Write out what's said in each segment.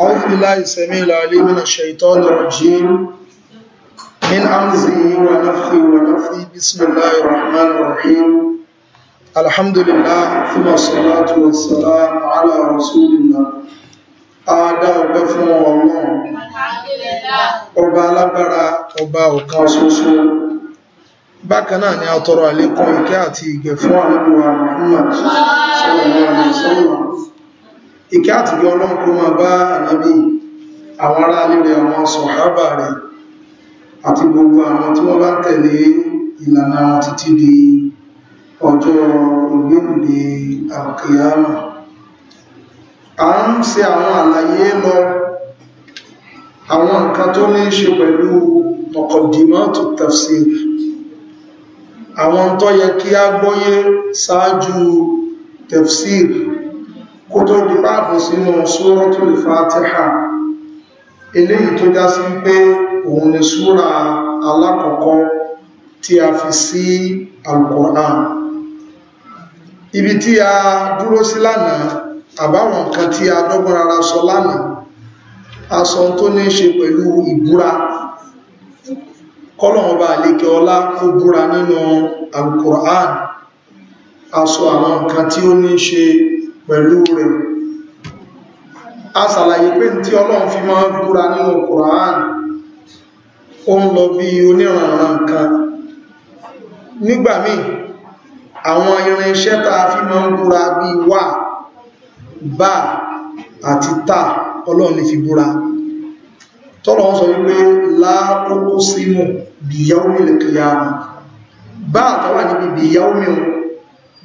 أعوذ بالله السميع العليم من الشيطان الرجيم من أمزه ونفخه ونفخه بسم الله الرحمن الرحيم الحمد لله ثم الصلاة والسلام على رسول الله Adá ọgbẹ́ fún Ọlọ́run, ọba alágbára, ọba ọ̀kan ṣoṣo. Bákan náà ni a tọrọ àlékún ìkẹ́ àti ìgẹ̀ fún àwọn ọmọ Muhammad sallallahu alaihi wasallam ìkẹ́ àti bí ọlọ́run kó máa bá ànábì àwọn ará lílẹ̀ àwọn sọ̀hábà rẹ̀ àti gbogbo àwọn tí wọ́n bá tẹ̀lé ìlànà títí di ọjọ́ ìgbéǹde àkíyàmà a ń ṣe àwọn àlàyé lọ àwọn nǹkan tó ní ṣe pẹ̀lú muqaddimatu tafsir àwọn tó yẹ kí a gbọ́yé ṣáájú tafsir kò tó di páàbù sínú Suratul Fatiha eléyìí tó já sí pé òun ni súra alákọ̀ọ́kọ́ tí a fi sí Al-Qur'an ibi tí a dúró sí lánàá àbáwọn nǹkan tí a dọ́gbọ́n rárá sọ lánàá aṣọ tó ní ṣe pẹ̀lú ìbúra kọ́lọ̀wọ́n bá àlékẹ ọlá kó búra nínú Al-Qur'an àwọn nǹkan tí ó ní ṣe pẹ̀lú rẹ̀ a ṣàlàyé pé tí ọlọ́run fi máa ń búra nínú Qur'an ó ń lọ bí oníranran kan nígbà míì àwọn irinṣẹ́ tá a fi máa ń búra bí wà bá àti tà ọlọ́run lè fi búra tọ́lọ̀ wọ́n sọ wípé láàkókó símù bìyàwó mílẹ̀ kìyàmù bá àtọ́wà níbi bìyàwó mílẹ̀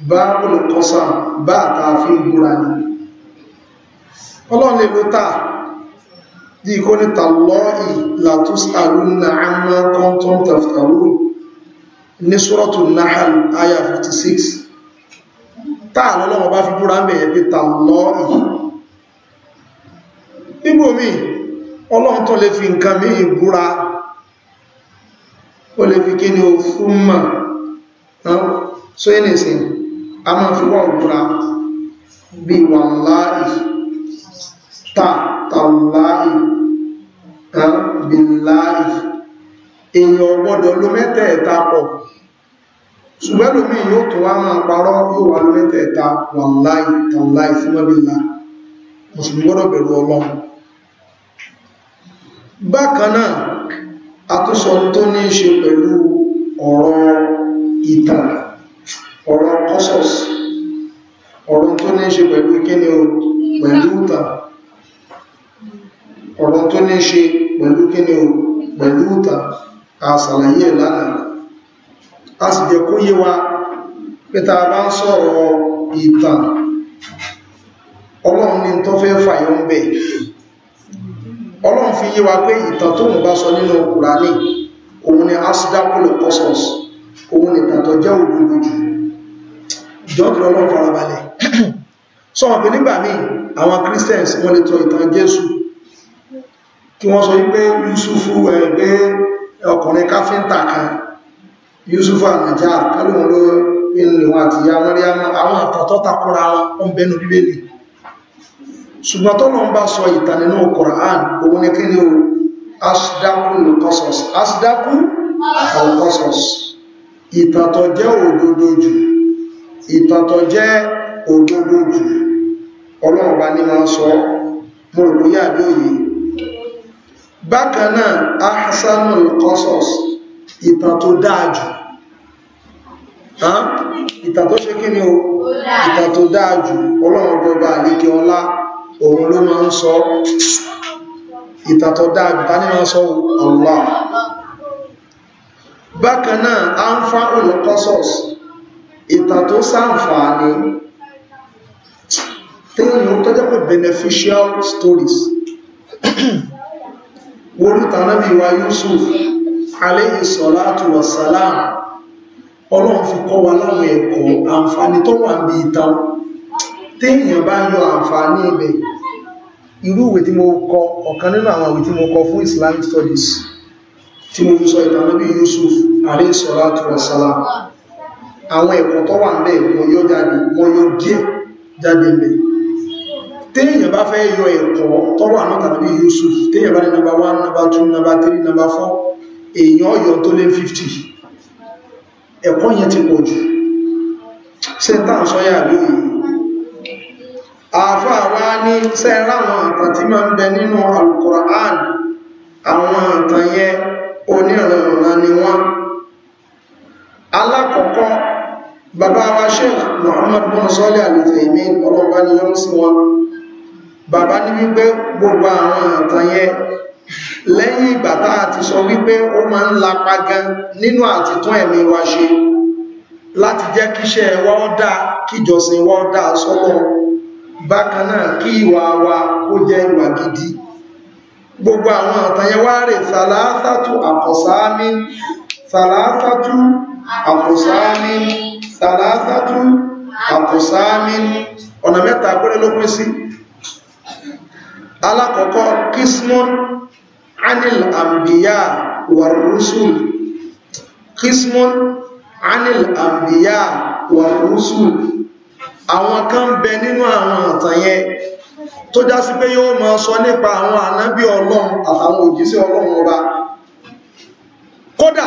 bá olùkọ́sà bá àtàfí ìgbúra ní ọlọ́run lè ló tà bí i kó ní tàlọ́ì látúsàlúnà àmà kọ́ntọ́n tàfàlú ní sọ́rọ̀tù nahal aya 56 táà lọ́lọ́wọ́ bá fi búra mẹ́yẹ̀ bí tàlọ́ì nígbò mí ọlọ́run tó lè fi nǹkan mí ìgbúra ó lè fi kí ni ó fún mà so a máa fi wá òbúra bí wàláì ta tàláì bíláì èèyàn gbọ́dọ̀ ló mẹ́tẹ̀ẹ̀ta pọ̀ ṣùgbọ́n lómi yóò tó wá máa parọ́ yóò wá ló mẹ́tẹ̀ẹ̀ta wàláì tàláì sí mọ́bílá mùsùlùmí bẹ̀rù ọlọ́run bákan náà ọ̀rọ̀ kọ́sọ̀s ọ̀rọ̀ tó ní ṣe pẹ̀lú kíni o pẹ̀lú ìtàn ọ̀rọ̀ tó ní ṣe pẹ̀lú kíni o pẹ̀lú ìtàn àṣàlàyé ẹ̀ lánàá a sì jẹ́ kó yé wa pé tá bá ń sọ̀rọ̀ ìtàn ọlọ́run ní tó fẹ́ fàyọ ń bẹ̀ ọlọ́run fi yé wa pé ìtàn tó ń bá sọ nínú Kùránì òun ni asdaqul qasas òun ni ìtàn jẹ́ òdodo jù jọ́kì ọlọ́run farabalẹ̀ sọ wọn pé nígbà míì àwọn Christians wọ́n lè tọ ìtàn Jésù kí wọ́n sọ wípé Yusufu ẹgbẹ́ ọkùnrin káfíńtà kan Yusufu ànàjà kálùmọ́ ló ilẹ̀ wọn àti ìyá Màríámà àwọn àtọ̀tọ́ takọ́ra wọn ń bẹnu bíbélì ṣùgbọ́n tó lọ ń bá sọ ìtàn nínú Quran òun ni kí ni o asdaqul qasas asdaqul qasas ìtàn tó jẹ́ òdodo jù ìtọ̀tọ̀ jẹ́ òdodo jù ọlọ́run bá ní máa sọ mo rò bóyá bí òye bákan náà ahsanul qasas ìtàn tó dáa jù ìtàn tó ṣe kí ni o ìtàn tó dáa jù ọlọ́run gbọba àlékè ọlá òun ló máa ń sọ ìtàn tó dáa jù máa sọ Allah bákan náà anfa'ul qasas ìtàn tó ṣàǹfààní téèyàn tó jẹ́ pé beneficial stories orítà náàbí wa Yusuf alayhi salatu wa salam ọlọ́run fi kọ́ wa láwọn ẹ̀kọ́ àǹfààní tó wà bí ìtàn téèyàn bá yọ àǹfààní ibẹ̀ irú ìwé tí mo kọ ọ̀kan nínú àwọn ìwé tí mo kọ fún Islamic studies tí mo fi sọ ìtàn Yusuf alayhi salatu wa salam àwọn ẹ̀kọ́ tó wà ńbẹ̀ wọ́n yóò jáde wọ́n yóò díẹ̀ jáde ńbẹ̀ téèyàn bá fẹ́ yọ ẹ̀kọ́ tó wà náà tàbí Yusuf téèyàn bá ní nàbà 1 nàbà 2 nàbà 3 nàbà 4 èèyàn yọ tó lé 50 ẹ̀kọ́ yẹn ti pọ̀ jù sẹ́ntà ń sọ yà lóyìn àfáà wá ní sẹ́ráwọn nǹkan tí máa ń alákọ̀ọ́kọ́ bàbá wa sheikh muhammad bin sọ́lẹ̀ àlùfẹ̀mí ọlọ́ọ̀bá ni yọ́n sí wọn bàbá ní wípé gbogbo àwọn àtàyẹ lẹ́yìn ìgbà tá a ti sọ wípé ó máa ń lapa gan nínú àtìtún ẹ̀mí wa ṣe láti jẹ́ kíṣẹ́ wọ́n dá kíjọsìn wọ́n dá sọ́lọ́ bákan náà kí ìwà wa ó jẹ́ ìwà gidi gbogbo àwọn àtàyẹ wá rè sàlásàtú àkọsáámi sàlásàtú àkọsáámi sàlásátú àkùsáàmì ọ̀nà mẹ́ta pẹ́rẹ ló pín sí alákọ̀ọ́kọ́ kismon anil ambiya warusul kismon anil ambiya warusul àwọn kan bẹ nínú àwọn àtàyẹ tó já sí pé yóò máa sọ nípa àwọn ànábí ọlọ́run àtàwọn òjíṣẹ́ ọlọ́run ọba kódà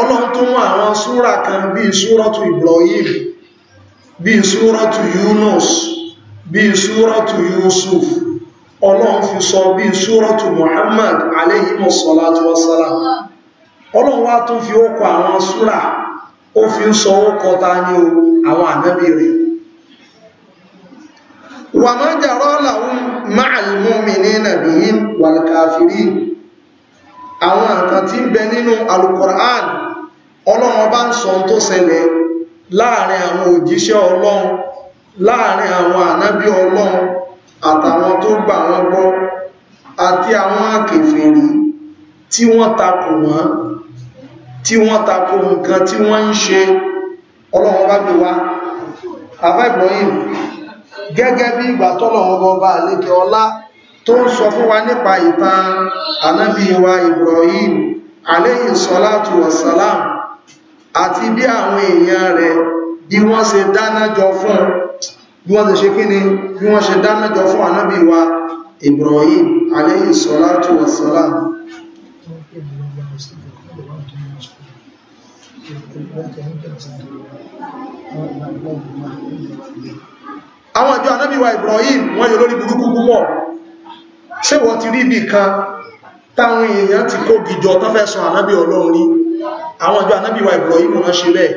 ọlọ́run tó mú àwọn súra kan bí i súrọ́tù Ibrahim bí i súrọ́tù Yunus bí i tu Yusuf ọlọ́run fi sọ bí i tu Muhammad alayhimus salatu wassalam ọlọ́run wá tún fi ókọ àwọn súra ó fi ń sọ ókọ ta ní àwọn ànábì rẹ̀ wà máa jàrọ́ làwọn ma'al mu'minina bihim wal àwọn nǹkan ń bẹ nínú al ọlọ́run bá ń sọ tó ṣẹlẹ̀ láàrin àwọn òjíṣẹ́ ọlọ́run láàrin àwọn ànábí ọlọ́run àtàwọn tó gbà wọ́n gbọ́ àti àwọn akèfèrí tí wọ́n takò wọ́n tí wọ́n takò nǹkan tí wọ́n ń ṣe ọlọ́run bá gbé wá àfá Ibrahim gẹ́gẹ́ bí ìgbà tọ́lọ̀wọ́n ọba àlékẹ́ ọlá tó ń sọ fún wa nípa ìtàn ànábí wa Ibrahim alayhi salatu wassalam àti bí àwọn èèyàn rẹ̀ bí wọ́n ṣe dánájọ fún bí wọ́n ṣe ṣe kí ni bí wọ́n ṣe dánájọ fún ànábì wa Ibrahim alayhi salatu wassalam àwọn ìjọ ànábì wa Ibrahim wọ́n yóò lórí burúkú púpọ̀ ṣé wọ́n ti rí ibì kan táwọn èèyàn ti kó gìjọ tó fẹ́ sọ ànábì Ọlọ́run àwọn ìjọ ànábì wa Ibrahim wọ́n ṣe bẹ́ẹ̀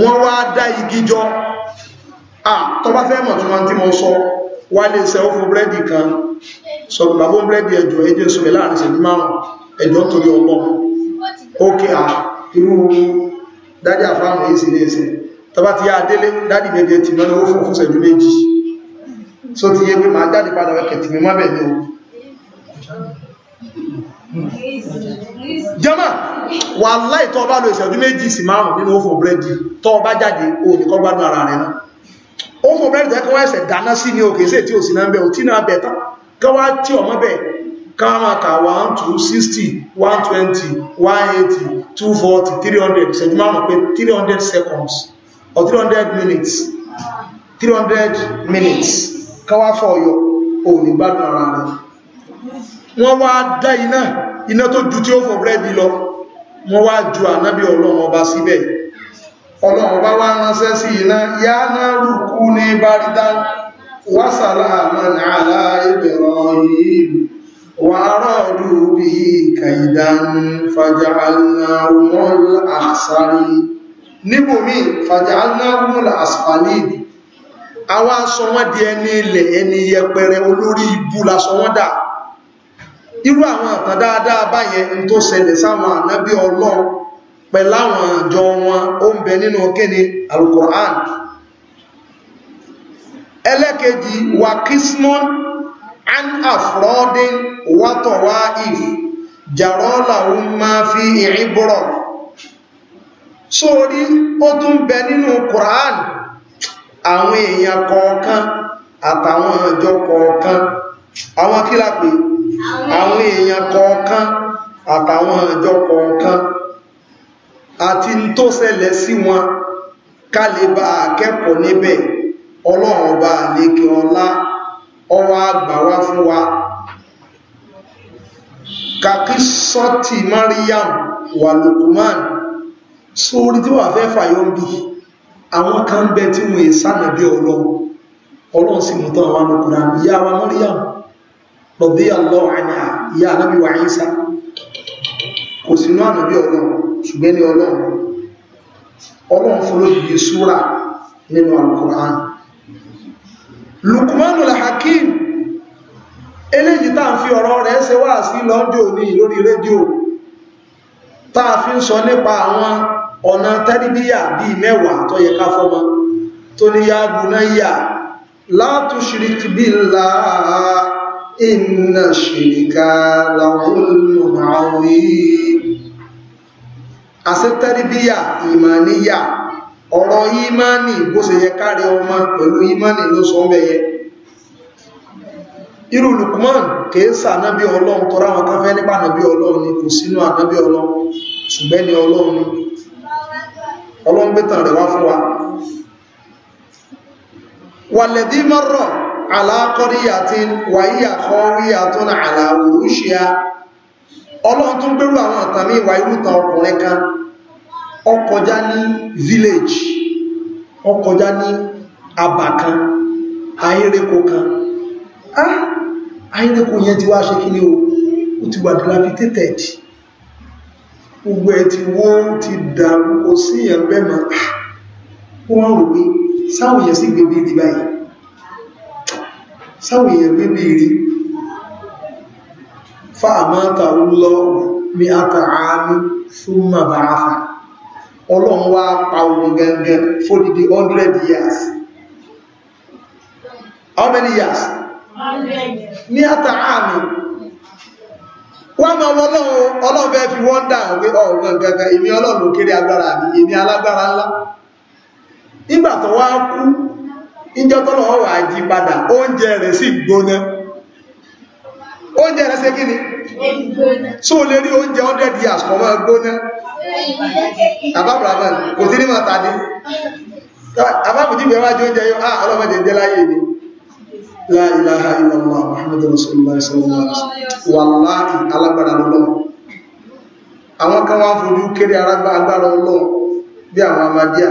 wọ́n wá dá igi jọ àtọ́bá fẹ́ mọ̀ tí wọ́n tí mọ́ sọ wà lè sẹ ó fún búrẹ́dì kan sọ bàbá búrẹ́dì ẹjọ́ ẹjọ́ ìsọ̀rẹ̀ láàrin ìṣẹ́jú márùn ẹjọ́ torí ọgbọ́n ókè à irú dádì àfáàmù èsì ní ẹsẹ̀ tọba ti yá adélé dádì méje ti mọ́ lówó fún fúnṣẹ́jú méjì so ti yé pé máa jáde padà wẹ́kẹ̀ jama wàláhì tó bá lọ ìṣẹ́jú méjì sí márùn nínú ó fò búrẹ́dì tó bá jáde ó ní kọ́gbádùn ara rẹ̀ náà ó fò búrẹ́dì tẹ́kọ́ ẹ̀sẹ̀ dáná sí ní òkè sí ò sí náà bẹ̀ òtí náà bẹ̀ tán tí ọmọ 120 180 240 300 wọ́n wá dá iná iná tó ju tí ó fò búrẹ́dì lọ wọ́n wá ju ànábì ọlọ́run ọba síbẹ̀ ọlọ́run ọba wá ránṣẹ́ sí iná yá náà rúkú ní bárídá wásàlá àmàlà àlá ìbẹ̀rọ̀ yìí wà rọ́ọ̀dù bí kàìdán fàjáàlnáwòmọ́l àṣàrí níbòmí fàjáàlnáwòmọ́l àṣàrí irú àwọn àtàn dáadáa báyẹn ń tó ṣẹlẹ̀ sáwọn ànábí ọlọ́run pẹ̀láwọn àjọ wọn ó ń bẹ nínú kéde alukoran ẹlẹ́kejì wa kismon an afrodin watowa if jarolahun ma fi ìrìnbọ̀rọ̀ sórí ó tún bẹ nínú koran àwọn èèyàn kọ̀ọ̀kan àtàwọn àjọ kọ̀ọ̀kan àwọn àwọn èèyàn kọ̀ọ̀kan àtàwọn ìjọ kọ̀ọ̀kan àti tó ṣẹlẹ̀ sí wọn ká lè bá akẹ́kọ̀ọ́ níbẹ̀ ọlọ́run ọba àlékè ọlá ọwọ́ àgbà wá fún wa kàkí sọ́tì Mariam wà Lukuman sórí tí wà fẹ́ fàyọ́ bí àwọn kan bẹ tí wọ́n èsànà bí ọlọ́run ọlọ́run sì mú tán àwọn ọkùnrin àbíyá wa Mariam lọ́bí àlọ́wọ̀ àníhà ìyá ànábí wà Ìsá kò sínú ànábí ọlọ́run ṣùgbẹ́ ní ọlọ́run ọlọ́run fún lóbi súra nínú Al-Qur'an Lukmanul Hakim eléyìí tá ń fi ọ̀rọ̀ rẹ̀ ṣe wá sí lọ́jọ́ ní lórí rédíò tá a fi ń sọ nípa àwọn ọ̀nà tẹ́rìbíyà bíi mẹ́wàá tó yẹ ká fọ́mọ tó ní yá gùn náà yà láàá إن شركا لظلم عظيم àṣẹ tẹ́rìbíyà ọ̀rọ̀ ìmánì bó ṣe yẹ kárí ọmọ pẹ̀lú ìmánì ló sọ yẹ irú Lukman kèésà náàbí ọlọ́run tọ́rọ àwọn kan nípa náàbí ọlọ́run ni kò sínú ànábí ọlọ́run ọlọ́run ni ọlọ́run alákọ́ríyàtín wàíyà kọ́ríyàtún àlàwòrúṣíà ọlọ́run tó ń gbérù àwọn àtàmì ìwà irúta ọkùnrin kan ó kọjá ní village ó kọjá ní Abakan, kan kan ah ayereko yẹn ti wa ṣe kí ni o ti wà dilapidated gbogbo ẹ̀ tí ti dàrú kò sí bẹ́ẹ̀ mọ́ ah! wọ́n rò pé sáwọn sì gbé bí sáwọn èèyàn bíbí rí fa àmáta lọ mi àtàámi fún màbá ọlọ́run wá pa ohun gẹ́gẹ́ fódìdí 100 years how many years? ní àtàámi wọ́n wọ́n lọ́wọ́ ọlọ́run fẹ́ fi wọ́n dà wí ọ̀gbọ̀n gẹ́gẹ́ èmi ọlọ́run kéré agbára mi alágbára níjọ́ tọ́lọ̀ wọ́n wà jí padà oúnjẹ rẹ̀ sì gbóná oúnjẹ rẹ̀ ṣe kí ni so lè rí oúnjẹ hundred years kọ́ máa gbóná àbábùràmọ́ kò sí ní máa tàdé àbábùjí bẹ̀rẹ̀ wájú oúnjẹ yóò á ah, ọlọ́mọdé jẹ́ láyé ni la ilaha illallah muhammadu rasulullah sallallahu alaihi wasallam wàláhì alágbára lọ́lọ́ àwọn kan wá fojú kéré agbára Ọlọ́run bí àwọn amadíà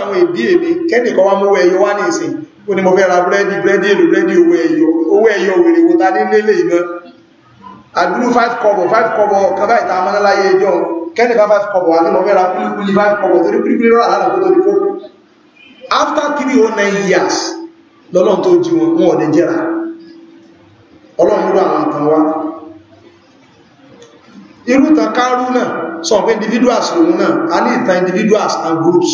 àwọn èbí èmi kẹ́nìkan wá mọ́wọ́ ẹyọ wá ní ìsìn ó ní mo fẹ́ ra búrẹ́dì búrẹ́dì èlò búrẹ́dì owó ẹyọ owó ta ní lélẹ̀ iná àdúrú 5 kọbọ̀ 5 kọbọ̀ kọbá ìta amọ́láláyé ẹjọ́ kẹ́nìkan 5 kọbọ̀ years lọ́lọ́n tó jí wọn wọn ọ̀dẹ jẹ́ra ọlọ́run ló àwọn kan wá kárú náà some individuals lòun náà a ní ìtàn individuals and groups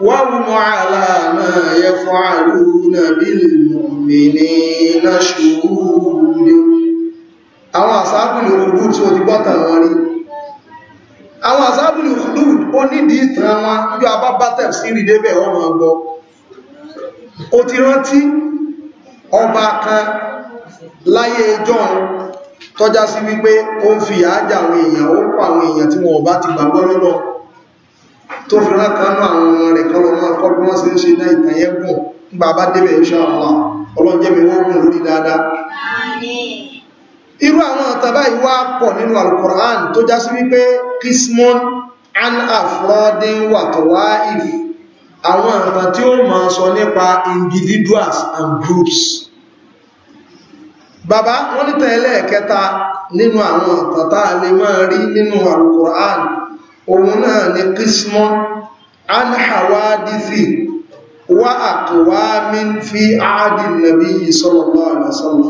وهم على ما يفعلون بالمؤمنين شهود àwọn àsáàbùlù rúdú tí ó ti gbọ́ta wọn rí àwọn àsáàbùlù rúdú ó nídi ìtàn wọn sí rí débẹ̀ wọ́n máa o ti ọba kan láyé ẹjọ́ tọ́já wípé ó ń fi àájà àwọn èèyàn ó àwọn èèyàn tí wọn ti gbàgbọ́ tó fi rán kan náà àwọn ọmọ rẹ̀ kọ́lọ máa kọ́ bí wọ́n ń ṣe náà ìtàn nígbà bá débẹ̀ insha Allah ọlọ́jẹ́ lórí dáadáa irú àwọn àtàbá ìwá pọ̀ nínú alukoran tó já sí wípé kismon an afrodin wàtọ̀wá if àwọn nǹkan tí ó máa sọ nípa individuals and groups bàbá wọ́n ní tẹ̀lé ẹ̀kẹta nínú àwọn àtàtà lè máa rí nínú alukoran òun náà ni kismọ́ anhawadithi wa aqwamin fi áàdì nàbí sallallahu alaihi wasallam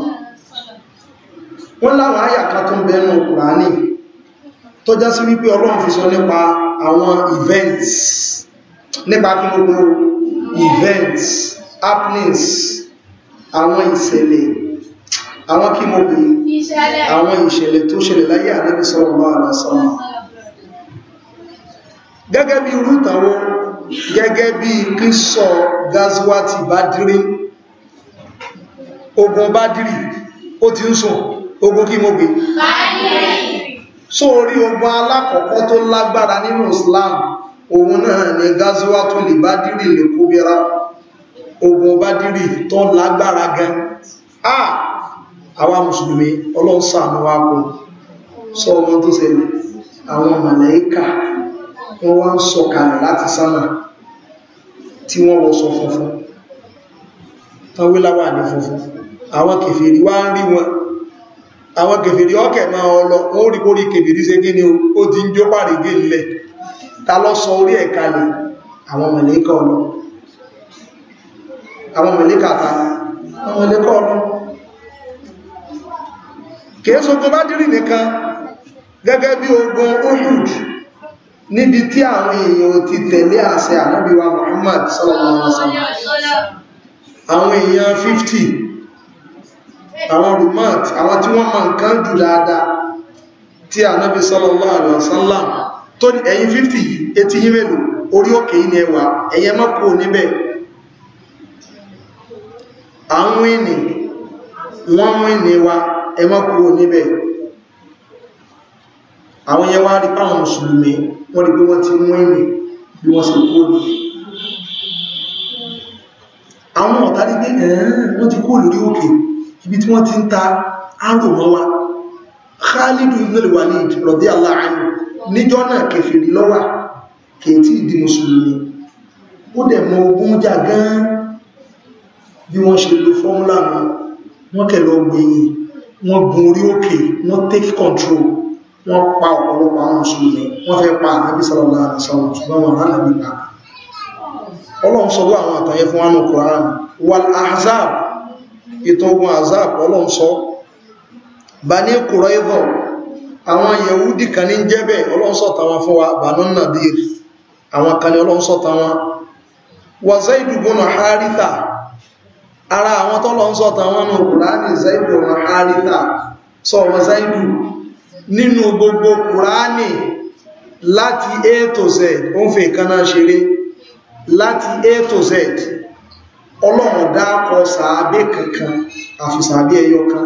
wọ́n láwọn àyàká tó ń bẹnu kùránì tó já sí wípé ọlọ́run fi sọ nípa àwọn events nípa kí gbogbo events happenings àwọn ìṣẹ̀lẹ̀ àwọn kí mo pè àwọn ìṣẹ̀lẹ̀ tó ṣẹlẹ̀ láyé ànábì sallallahu gẹ́gẹ́ bí rútàwọn gẹ́gẹ́ bí kíṣọ́ gazwati badiri ogun badiri ó ti ń sùn ogun kí mo gbé sórí ogun alákọ̀ọ́kọ́ tó lágbára nínú Islam òun náà ni gazwatu lè badiri lè kóbíra ogun badiri tó lágbára gan ah àwa mùsùlùmí ọlọ́sàn àwọn akọ sọ ọmọ tó ṣẹlẹ̀ àwọn màláíkà wọ́n wá ń sọ̀kalẹ̀ láti sánmà tí wọ́n wọ sọ funfun tánwéláwà ní funfun àwọn kèfèrí wá ń rí wọn àwọn kèfèrí ọkẹ̀ máa ọlọ wọ́n rí kórí kèfèrí ṣe gíní ó ti ń jó pàrègé ilẹ̀ ta lọ sọ orí ẹ̀kalẹ̀ àwọn mẹ̀lẹ́kà ọlọ àwọn mẹ̀lẹ́kà ta àwọn mẹ̀lẹ́kà ọlọ kìí sọ tó bá dírì nìkan gẹ́gẹ́ bí ogun ohud níbi tí àwọn èèyàn ò ti tẹ̀lé àṣẹ ànábíwa Muhammad sallallahu alaihi wasallam àwọn èèyàn 50 àwọn rumat àwọn tí wọ́n mọ̀ nǹkan jù dáadáa tí ànábí sallallahu alaihi wasallam tó ní ẹ̀yìn 50 yìí etí yí mélòó orí òkè yìí ni ẹwà ẹ̀yẹ mọ́kù níbẹ̀ àwọn ìní wọ́n mú ìní wa ẹmọ́kù àwọn yẹn wá rí páwọn mùsùlùmí wọ́n rí pé wọ́n ti mú ìmì bí wọ́n sì kú ní àwọn ọ̀tá rí pé ẹ̀ẹ́n wọ́n ti kú lórí òkè ibi tí wọ́n ti ń ta áàrùn mọ́ wa Khalidu ibn al-Walid radiyallahu anhu níjọ́ náà kèfèrí lọ́wà kèétí ìdí mùsùlùmí ó dẹ̀ mọ ogun jà gan bí wọ́n ṣe lo fọ́múlà wọn wọ́n kẹ̀ lọ gbẹ̀yìn wọ́n gun orí òkè wọ́n take control wọ́n pa ọ̀pọ̀lọpọ̀ àwọn mùsùlùmí wọ́n fẹ́ pa ànábì sọ́lọ́lá àṣàwọ̀ ṣùgbọ́n wọn rán nàbí pa ọlọ́run sọ wọ́n àwọn àtọ̀yẹ fún wọn kòrán wal ahzab ìtàn ogun ahzab ọlọ́run sọ Bani Qurayza àwọn yẹ̀wúdì kan ní jẹ́bẹ̀ ọlọ́run sọ tàwọn fún wa Banu Nadir àwọn kan ní ọlọ́run sọ tàwọn wa Zaid ibn Haritha ara Zaidu nínú gbogbo kùránì láti a to z ó ń fi nǹkan ṣeré láti a to z ọlọ́run dákọ sàábé kankan àfi sàábé ẹyọ kan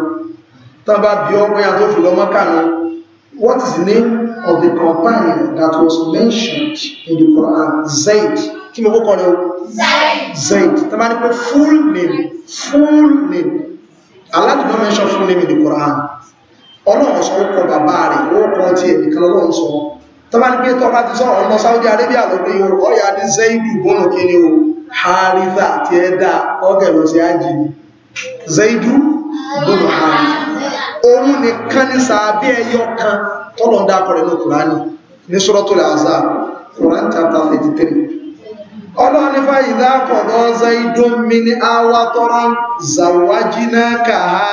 tábà bí ọmọ ya tó fi lọ mọ́kànlá what is the name of the companion that was mentioned in the Quran Zaid kí mo kókọ rẹ̀ Zaid Zaid tábà ní pé full name full name Allah did not mention full name in the Quran ọlọ́run sọ orúkọ bàbá rẹ̀ orúkọ ti ẹnìkan ọlọ́run sọ tọ́bá ní pé tọ́bá ti sọ̀rọ̀ ọmọ Saudi Arabia lórí ọ̀yà ní Zaidu bọ́nà kí ni o Haritha ti ẹ́ dá ọgẹ̀ lọ sí ájì Zaidu bọ́nà Haritha òun nìkan ní sàábí ẹyọ kan tọ́lọ̀ dákọ̀ rẹ̀ ní Kùránì ní Suratul Ahzab Quran chapter 33 ọlọ́run ní fàyídá kọ̀dọ̀ Zaidu mi ní awatọ́ra zawajinaka ha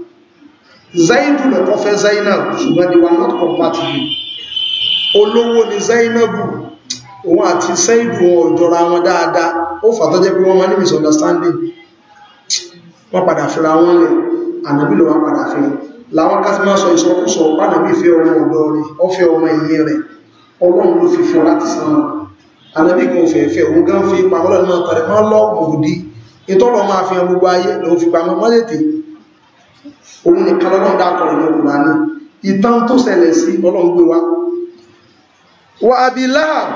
zaidu lọ́kọ́ fẹ́ zainab ṣùgbọ́n they were not compatible olówó ni zainabu òun àti saidu wọn ìjọra wọn dáadáa ó fàtọ́ jẹ́ pé wọ́n máa ní misunderstanding wọ́n padà fẹ́ra wọn lẹ̀ ànàbí lọ́wọ́ padà fẹ́ láwọn kásímá sọ ìsọkúsọ pànàbí fẹ́ ọmọ ọ̀dọ́ rẹ̀ ó fẹ́ ọmọ ìyẹn rẹ̀ ọlọ́run ló fi fún láti sàn ànàbí kan fẹ̀ẹ́fẹ́ òun gan fi pamọ́lọ́ náà tàrí máa lọ́ọ̀gbòdì ìtọ́lọ́ máa fi hàn gbogbo ayé lòun fi òun nìkan lọ́lọ́run dákọ̀ nínú Kùránì ìtàn tó ṣẹlẹ̀ sí Ọlọ́run gbé wa wa abi lahab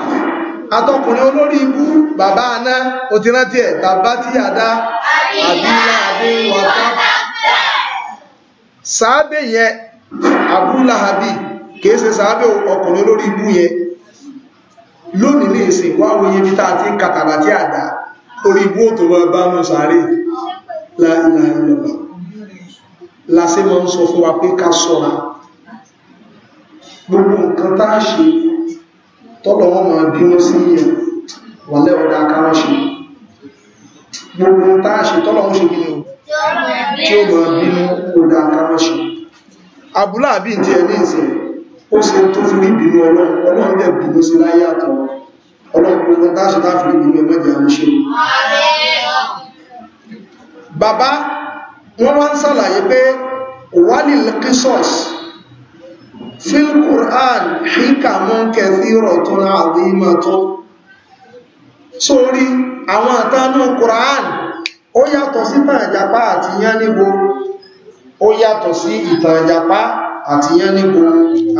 atọkùnrin olórí ibú bàbá aná o ti rántí ẹ̀ bàbá tí yà dá abi lahab wàtá sàábẹ̀ yẹn abu lahabi kìí ṣe sàábẹ̀ ọkùnrin olórí ibú yẹn lónìí ní ìsìn wá wòye bí tá ti lásì se ń sọ fún wa pé ká sọ́ra gbogbo nǹkan tá a ṣe tọ́lọ̀ wọn máa bí wọ́n sí yẹn wà lẹ́ọ̀dá ká wọ́n ṣe gbogbo tá a ṣe tọ́lọ̀ wọn ṣe kí ni o tí ó máa bínú ọ̀dá ká wọ́n ṣe abúlá àbí ti ẹ̀ ní ìsìn ó ṣe tó fi rí ìbínú ọlọ́run ọlọ́run dẹ̀ bínú sí láyé àtọ̀run ọlọ́pùpù táṣì láàfin ìlú ẹgbẹ́jẹ̀ àmúṣe bàbá wọ́n wá ń sàlàyé pé walil qisas fil Qur'an hikamun kathiratun azimatun sórí àwọn àtánú Qur'an ó yàtọ̀ sí tàǹjàpá àti yánibo ó yàtọ̀ sí ìtàǹjàpá àti yánibo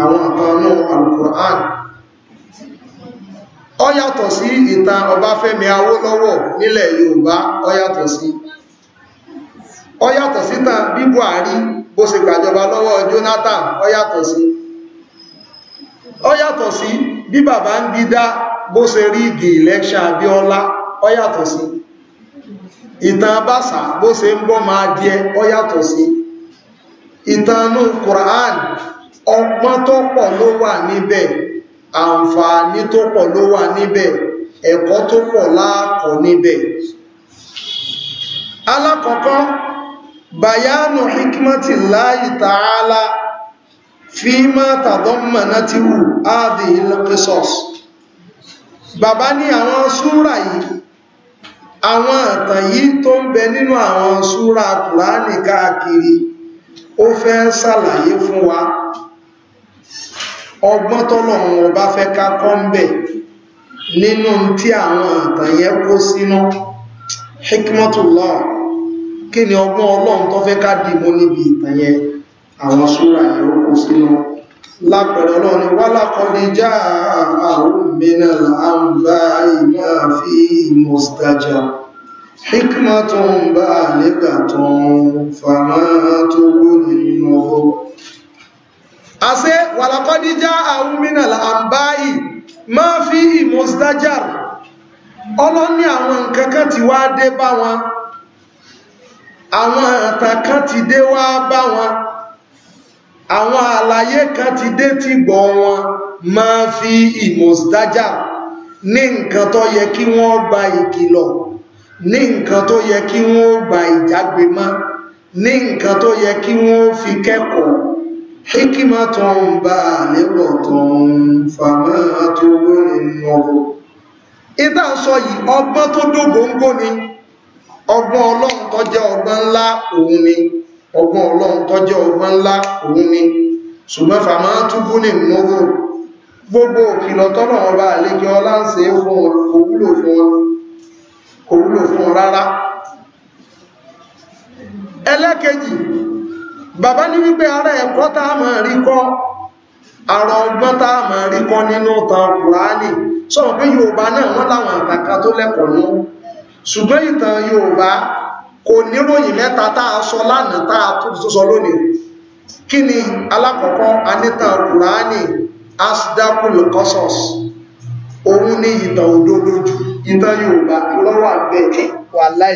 àwọn àtánú al-Qur'an ó yàtọ̀ sí ìtàn Ọbáfẹ́mi Awólọ́wọ̀ nílẹ̀ Yorùbá ó yàtọ̀ sí ọ yàtọ̀ sí tàn bí Buhari bó ṣe gbàjọba lọ́wọ́ Jonathan ọ yàtọ̀ sí ọ yàtọ̀ sí bí Babangida bó ṣe rí igi election Abiola ọ yàtọ̀ sí ìtàn Abacha bó ṣe ń bọ́ máa díẹ̀ ọ yàtọ̀ sí ìtànú Quran ọgbọ́n tó pọ̀ ló wà níbẹ̀ àǹfààní tó pọ̀ ló wà níbẹ̀ ẹ̀kọ́ tó pọ̀ láàkọ̀ níbẹ̀ alákọ̀ọ́kọ́ bayanu hikmati láyì tààlá fíìmá tàdọ́mà náti wù áàdì ilẹ̀kẹsọ́s bàbá ní àwọn súra yìí àwọn àtàn yìí tó ń bẹ nínú àwọn súra kùránì káàkiri ó fẹ́ sàlàyé fún wa ọgbọ́n tọ́lọ̀run ọba fẹ́ ká ń bẹ̀ nínú tí àwọn àtàn yẹn kó sínú hikmatullah kí ni ọgbọ́n ọlọ́run tó fẹ́ ká dì mú níbi ìtàn yẹn àwọn súra ẹ̀rọ kò sínú lápẹ̀rẹ̀ ọlọ́run ni wá lákọ́ni já àwọn àṣẹ wàlàkọ́ni já àwọn mìíràn láàrín bá ìmọ̀ àfi ìmọ̀sítájà ọlọ́ni àwọn nǹkan ti wá dé bá wọn àwọn àtàn kan ti dé wá bá wọn àwọn àlàyé kan ti dé ti gbọ́ wọn máa fi ìmọ̀sídájà ní nǹkan tó yẹ kí wọ́n gba ìkìlọ̀ ní nǹkan tó yẹ kí wọ́n gba ìjágbe mọ́ ní nǹkan tó yẹ kí wọ́n fi kẹ́kọ̀ọ́ hikima tó ń bá lérò tó ń fàmọ́ tó wọ́n nínú ọ̀rọ̀ ìdá sọ yìí ọgbọ́n tó dógóńgó ni. Noro. ọgbọ́n ọlọ́run tó jẹ́ ọgbọ́n ńlá òun ni ọgbọ́n ọlọ́run tó jẹ́ ọgbọ́n ńlá òun ni ṣùgbọ́n fàmọ́ túbú ní gbogbo òkìlọ̀ tọ́nà ọba ọlá ń se fún wọn kò fún wọn rárá bàbá ní wípé ara ẹ̀kọ́ tá a rí kọ́ nínú Kùránì sọ̀rọ̀ Yorùbá náà wọ́n láwọn àtàkà tó lẹ́kọ̀ọ́ náà ṣùgbọ́n ìtàn Yorùbá kò níròyìn mẹ́ta tá a sọ lánàá tá a tó sọ lónìí kí ni alákọ̀ọ́kọ́ anítàn Kùránì asdakul kọsọs òun ní ìtàn òdodo jù ìtàn Yorùbá lọ́wọ́ àgbẹ̀ wà láì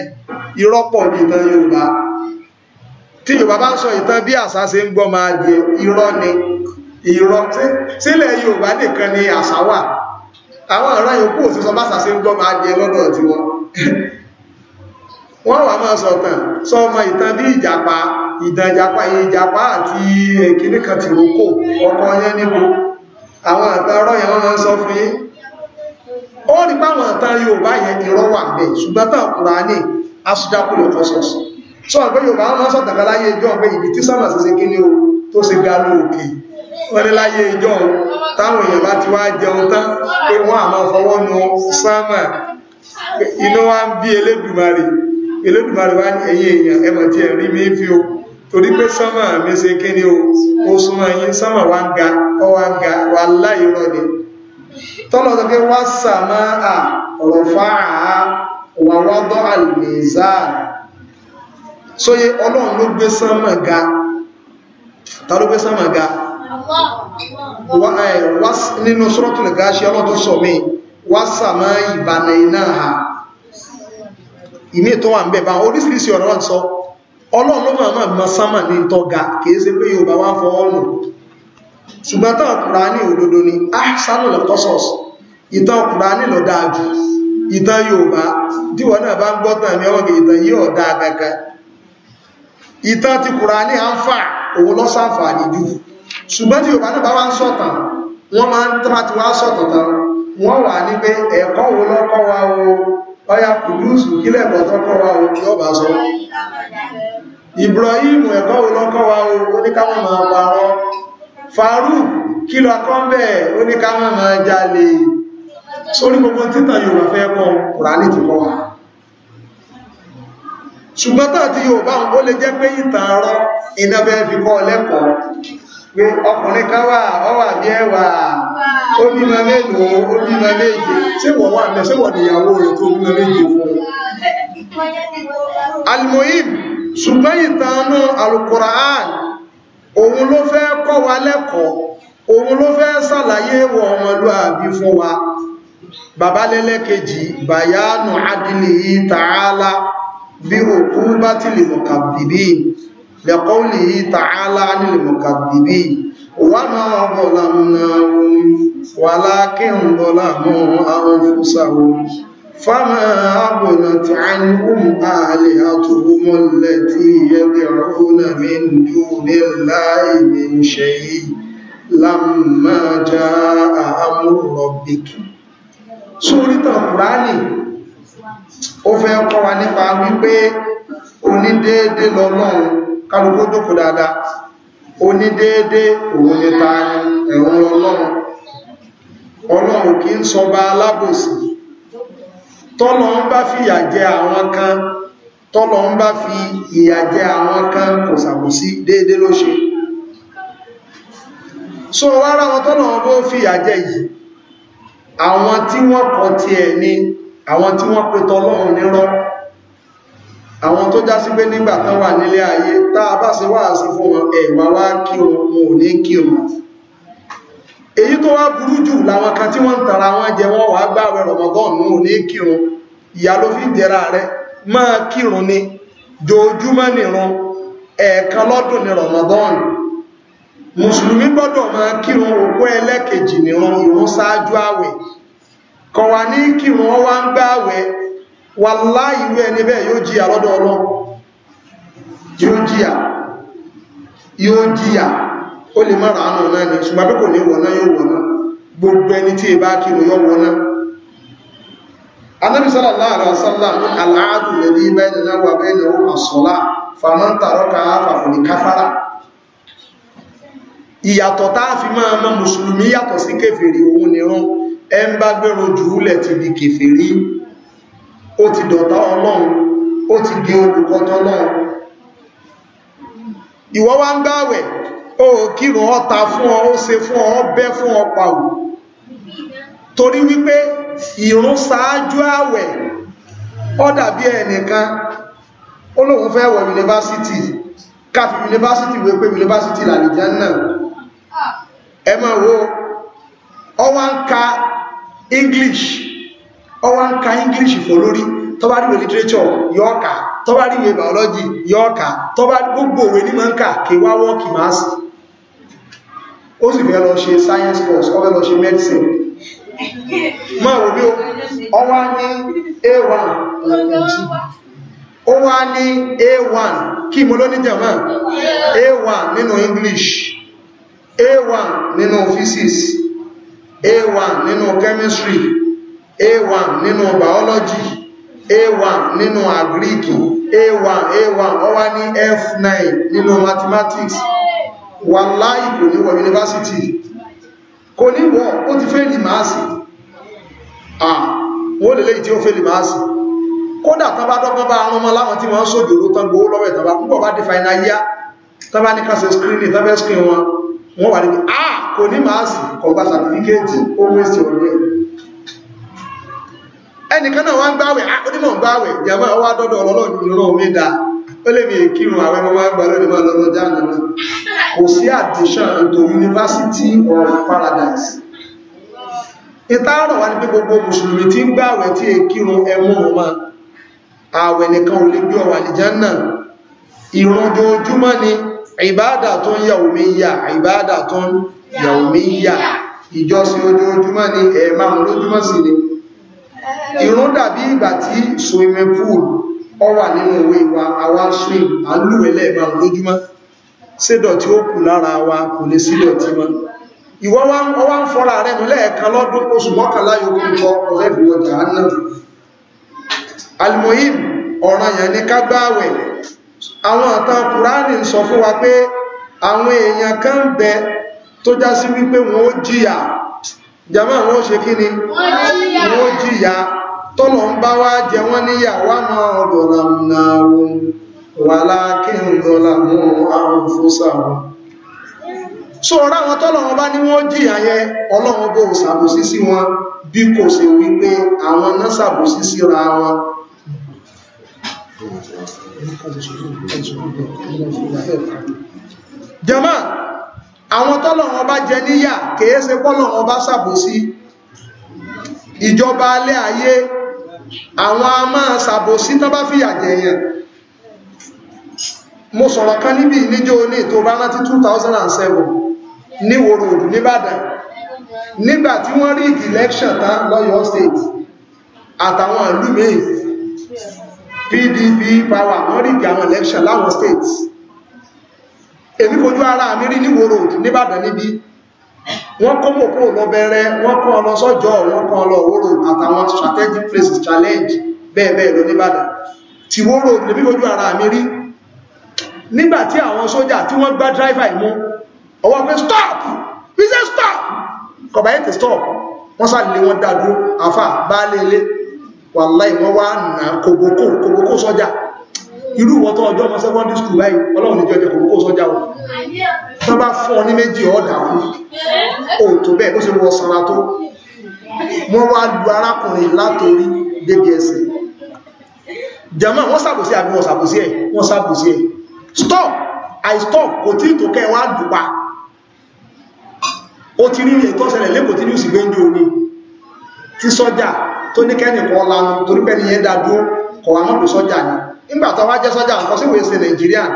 irọ́pọ̀ ìtàn Yorùbá tí Yorùbá bá ń sọ ìtàn bí àṣà ṣe ń gbọ́ máa jẹ irọ́ ni irọ́ tí sílẹ̀ Yorùbá nìkan ni àṣà wà àwọn ọ̀rọ̀ yòókù òsì bá àṣà ń gbọ́ máa jẹ lọ́dọ̀ tiwọn wọ́n wà máa sọ̀tàn sọ ọmọ ìtàn bí ìjàpá ìdàjàpá ìjàpá àti ẹ̀kìní kan ti rókò ọkọ̀ yẹn níbo àwọn àtàrọ yẹn wọ́n máa sọ fún yí ó rí páwọn àtàrọ Yorùbá yẹn irọ́ wà bẹ̀ ṣùgbọ́n tàn Kùránì asùdákùlẹ̀ fọ́sọ̀sì sọ ọ̀gbẹ́ Yorùbá wọ́n máa sọ̀tàn láyé ẹjọ́ ọ̀gbẹ́ ibi tí sábà ṣe kí ni o tó ṣe ga lóòkè wọ́n ní láyé ẹjọ́ táwọn èèyàn bá ti wá jẹun tán pé wọ́n àmọ́ fọwọ́ nu sámà inú wa ń bí Elédùmarè Elédùmarè wá ní ẹ̀yin èèyàn ẹmọ̀ tí ẹ̀rí mi fi o torí pé sánmà mi ṣe kí ni o ó súnmọ́ yín wa ń ga ọ wá ń ga wà láì rọ̀ ni tọ́lọ̀ wá sàmà à ọ̀rọ̀ fáà wà wá dọ́ àlùmíza sóyé ọlọ́run ló gbé ga ta ló gbé ga nínú suratul Ghashiyah wásàmá ìbànà iná ha ìmí tó wà ń bẹ̀ bá orísìírísìí ọ̀rọ̀ sọ ọlọ́run ló máa máa sánmà ní tọ́ga kìí ṣe pé Yorùbá wá fọwọ́ ṣùgbọ́n tán Kùránì ni ahsanu lọ́tọ́sọ̀s ìtàn Kùránì lọ dáadù ìtàn Yorùbá díwọ̀ náà bá ń gbọ́tàn ní ọgẹ̀ ìtàn yí ọ̀dá agaga ìtàn ti Kùránì àǹfà òun lọ́sàǹfà nìjú ṣùgbọ́n tí Yorùbá náà bá wá ń sọ̀tàn wọ́n máa ń tọ́ba ti wá sọ̀tàn tán wọ́n rà ní pé ẹ̀kọ́ wo lọ́kọ́ wa o ọya kùdúsù kílẹ̀ bọ̀tọ́kọ́ wa o yóò bá sọ Ibrahim ẹ̀kọ́ wo lọ́kọ́ wa o oníkámọ̀ máa parọ́ Faruk kí lọ kọ́ bẹ́ẹ̀ oníkámọ̀ máa jalè sórí gbogbo títàn Yorùbá fẹ́ kọ́ Kùránì ti kọ́ wa ṣùgbọ́n tàbí Yorùbá ń ó lè jẹ́ pé ìtàn arọ́ iná bẹ́ẹ̀ fi kọ́ lẹ́kọ̀ọ́ pé ọkùnrin káwà ọwà bí ẹwà ó bímọ mélòó ó bímọ méje ṣé wọ́n wà bẹ́ẹ̀ ṣé wọ́n níyàwó rẹ̀ tó bímọ méje fún un. alimoyim ṣùgbọ́n ìtànú alukura'an òun ló fẹ́ kọ́ wa lẹ́kọ̀ọ́ òun ló fẹ́ ṣàlàyé wọ ọmọlúàbí fún wa babalẹ́lẹ́kejì bayanu adìlì ta'ala bí òkú bá ti lè mọ̀kàbìbì lẹ́kọ́ lè ta'ala nílè mọ̀kàbìbì وما ظلمناهم ولكن ظلموا أنفسهم فما أغنت عنهم آلهتهم التي يدعون من دون الله من شيء لما جاء أمر ربك سورة القرآن ó fẹ́ kọ́ wa nípa wípé onídéédé lọ́lọ́run kálukú jókòó dáadáa onídéédé òun ni ta ẹ̀rùn ọlọ́run ọlọ́run kì ń sọba alábòsí tọ́lọ̀ ń bá fi ìyà jẹ àwọn kan tọ́lọ̀ ń bá fi ìyà àwọn kan kò sàbòsí déédé ló ṣe so rárá wọn tọ́lọ̀ wọn bó fi ìyà jẹ yìí àwọn tí wọ́n kọ̀ tiẹ̀ ni àwọn tí wọ́n pe tọ́lọ́run nírọ́ àwọn tó já sí pé nígbà tán wà nílé ayé tá a bá ṣe fún ẹ̀wà wá kí o ò ní kí èyí tó wá burú jù làwọn kan tí wọ́n ń tara wọn jẹ wọ́n wà Ramadan wọn ò ní kírun ìyá fi jẹra rẹ máa ni ẹ̀ẹ̀kan lọ́dún ní mùsùlùmí gbọ́dọ̀ máa ẹlẹ́kejì ṣáájú àwẹ̀ kọ̀wà ní wọ́n wá wà iwe ẹni bẹ́ẹ̀ yóò jíyà lọ́dọ̀ yóò jíyà yóò jíyà ó lè mara àánú náà ni ṣùgbà bí kò ní wọ̀ná yóò wọ̀ná gbogbo ẹni tí ìbá kírun yóò wọ̀ná Ànábì sallallahu alaihi wasallam al-'adu ti di kèfèrí ó ti dọ̀tá ọlọ́run ó ti di olùkọ́ tọ́lọ́run ìwọ wá ń gbààwẹ̀ ó kírun ọta fún ọ ó ṣe fún ọ bẹ́ fún ọ pàwò torí wípé ìrún ṣáájú ààwẹ̀ ó dàbí ẹnìkan ó lóun fẹ́ wọ yunifásitì káfí yunifásitì wé pé yunifásitì làlìjánà ẹ máa wo ọ wá ń ka English ọwọ́ ń ka english fò lórí tọ́bá rí literature yóò kà tọ́bá rí ìwé biology yóò kà tọ́bá gbogbo òwe ní máa ń kà kí wá wọ́ọ̀kì máa sì ó sì fẹ́ lọ ṣe science course ó fẹ́ lọ ṣe medicine máa wò bí ó wá ní a1 ó wá ní a1 kí mo ló ní jẹ̀mọ́ a1 nínú english a1 nínú physics a1 nínú chemistry a1 nínú biology a1 nínú agric a1 a1 ó ní f9 nínú mathematics wà láì kò ní wọ university. kò ní wọ ó ti fẹ́ lè máa sì ah wọ́n lè léyìí tí ó fẹ́ lè máa sì kódà tán bá dọ́gbọ́n bá àwọn ọmọ láwọn tí wọ́n sójò ló tán gbówó lọ́wọ́ ìtàbá púpọ̀ bá dé fàìnà yá tán bá ní kásẹ̀ skrini tán bẹ́ skrin wọn wọ́n wà ní ah kò ní máa sì kọ̀ gba sàtífíkẹ́ẹ̀tì ó wéṣì ọ̀rẹ́ ẹnìkan náà wá ń gbáwẹ̀ ah, onímọ̀ ń gbáwẹ̀ ìyàmọ́ ọwá dọ́dọ̀ ọlọ́lọ́dún lọ́wọ́ mi dáa ó lè mi kírun àwọn ọmọ máa ń gbà lónìí máa lọ́dọ̀ jáàmù náà University of Paradise ìtaàrọ̀ wá ní pé gbogbo mùsùlùmí tí ń gbáwẹ̀ tí è kírun ẹmú ọmọ àwẹ̀ nìkan ò lè gbé ọwà àlìjánà ìrun ojoojúmọ́ ni ìbáàdà tó ń yàwó mi yà ìbáàdà tó ń yàwó mi yà ìjọsìn ojoojúmọ́ ni ẹ̀ẹ̀márùn lójúmọ́ sí ni ìrun dàbí ìgbà tí swimming pool ọ wà nínú owó ìwà àwa swim àlúwẹ̀ lẹ́ẹ̀bà lójúmọ́ ṣé dọ̀tí ó kù lára wa kò lè sí dọ̀tí mọ́ ìwọ wá ọwá ń fọ́ra rẹ̀ mú lẹ́ẹ̀kan lọ́dún oṣù mọ́kànlá yòókù jọ ọ̀rẹ́ ìwọ̀ jàánà alimoyim ọ̀ràn yẹn ní kágbáwẹ̀ àwọn àtàn kùránì ń sọ fún wa pé àwọn èèyàn kan ń bẹ tó já sí wípé wọn ó jìyà jamaa wọ́n ṣe kí ni wọ́n jìyà tọ́lọ̀ ń bá wá jẹ wọ́n níyà wá máa ọ̀dọ̀là wà láàkí mú àwọn so ọ̀rọ̀ àwọn tọ́lọ̀wọ́n bá ní wọ́n jìyà yẹ ọlọ́wọ́n bó sí wọn bí kò wípé àwọn náà àwọn tọ́lọ̀wọ́n bá jẹ níyà kìí ṣe pọ́lọ̀wọ́n bá ṣàbòsí ìjọba alẹ́ ayé àwọn a máa ṣàbòsí tán bá fìyà jẹyàn mo sọ̀rọ̀ kan níbi níjó ní ètò bá láti 2007 ní wòrò òdù nìbàdàn nígbà tí wọ́n rí election tán lọ́yọ́ state àtàwọn ìlú mẹ́yìn PDP power wọ́n rí àwọn election láwọn states èmi fojú ara mi rí ní wòrò nìbàdàn níbi wọ́n kó mòpó lọ bẹ̀rẹ̀ wọ́n kọ́ ọ lọ sọ́jọ́ wọ́n kọ́ ọ lọ wòrò àtàwọn strategic place, challenge bẹ́ẹ̀ bẹ́ẹ̀ lọ nìbàdàn ti wòrò lèmi fojú ara mi rí nígbà tí àwọn sójà tí wọ́n gbá dráìfà ìmú ọwọ́ pé stop we say stop kọ̀bá yẹn ti stop wọ́n sàlẹ̀ wọn dàdúró àfà baálé ilé wàláì wọ́n wá nà kòbókò kòbókò sọ́jà irú wọ́tọ́ ọjọ́ ọmọ secondary school láì ọlọ́run ní jọjọ kòrókó sọ́jà wọn tó bá fún ọ ní méjì ọ̀dà wọn ò tó bẹ́ẹ̀ ó sì wọ́n sanra tó wọ́n wá lu arákùnrin látorí débi ẹsẹ̀ jama wọ́n sàbòsí àbí wọ́n sàbòsí ẹ̀ wọ́n sàbòsí ẹ̀ stop i stop kò tí tó kẹ́ wá lù pa ó ti rí ètò ṣẹlẹ̀ lẹ́kọ̀ọ́ tí ní òsì gbé ń jò ní tí sọ́jà tó ní kẹ́nìkan lanu torípẹ́ ni yẹn dá dúró kọ̀wá mọ́ pé sọ́jà ni nígbà tó wá jẹ́ sọ́jà nǹkan sí wèé ṣe Nigerian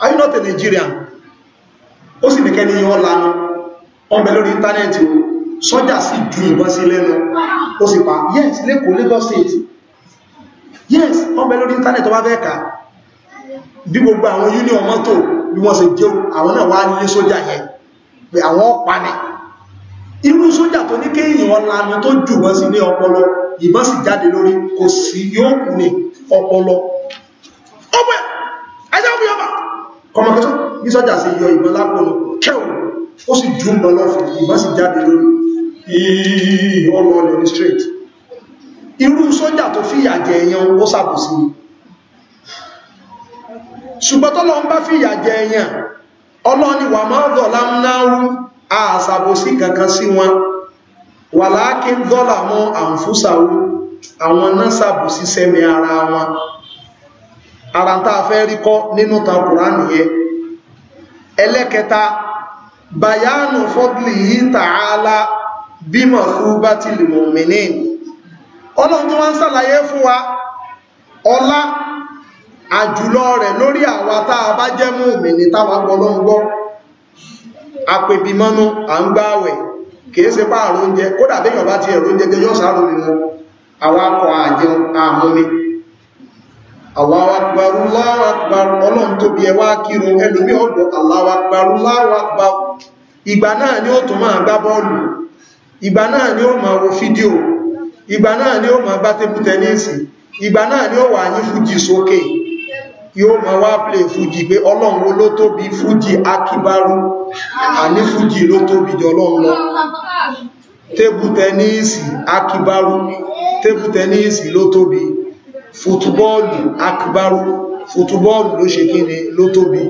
are you not a Nigerian ó sì nìkẹ́ ní yọ́ lanu ọmọ lórí íńtánẹ́ẹ̀tì o sọ́jà sì ju ìbọn sí lẹ́nu ó sì pa yes lẹ́kọ̀ọ́ Lagos State yes ọmọ lórí íńtánẹ́ẹ̀tì wá fẹ́ kà bí gbogbo àwọn union mọ́tò bí wọ́n ṣe jẹ́ àwọn náà wá nílé sọ́jà yẹn pé àwọn ọ̀pá ni irú sójà tó ní kéèyàn ọlànà tó jù wọ́n sí ní ọpọlọ ìbọn sì jáde lórí kò sí yóò kù ní ọpọlọ kọmọkẹtọ bí sọ́jà sí yọ ìbọn lápọ̀nù kẹwù ó sì jú mọ́ lọ́fún ìbọn sì jáde lórí ọlọ́ ọlẹ́ ní straight irú sọ́jà tó fìyà jẹ èèyàn ó sàbòsí ṣùgbọ́n tọ́lọ ń bá fìyà jẹ èèyàn ọlọ́ni wà máa dọ̀lá ń náwó àṣàbòsí kankan sí wọn wà láàkí dọ́là mọ́ àǹfúsàwó àwọn náà sàbòsí sẹ́mi ara wọn ara tá a fẹ́ rí kọ́ nínú ta kùránì yẹ ẹlẹ́kẹta bayanu fọ́dìlì yìí tààlà bímọ̀ fún bá ti lè mọ̀mìnì ọlọ́run tó wá sàlàyé fún wa ọlá àjùlọ rẹ̀ lórí àwa tá a bá jẹ́ mọ̀mìnì táwa gbọ́lọ́ngbọ́ àpèbímọ́nú à ń gbáwẹ̀ kìí ṣe pààrọ̀ oúnjẹ kódà bí èèyàn bá ti ẹ̀rọ oúnjẹ jẹ yọ́ sáàrùn mímu àwọn akọ̀ àjẹun àmúmi Allahu Akbar ọlọ́run tó bí ẹwà kírun ẹlòmí ọ̀dọ̀ Allahu ìgbà náà ni ó tún máa gbá bọ́ọ̀lù ìgbà náà ni ó máa wo fídíò ìgbà náà ni ó máa bá tébù tẹ́nísì ìgbà náà ni ó wà ní fújì sókè yóò máa wá fújì pé ọlọ́run ló tóbi fújì fùtúbọ́ọ̀lù akúbárú fùtúbọ́ọ̀lù ló ṣe kíni ló tóbi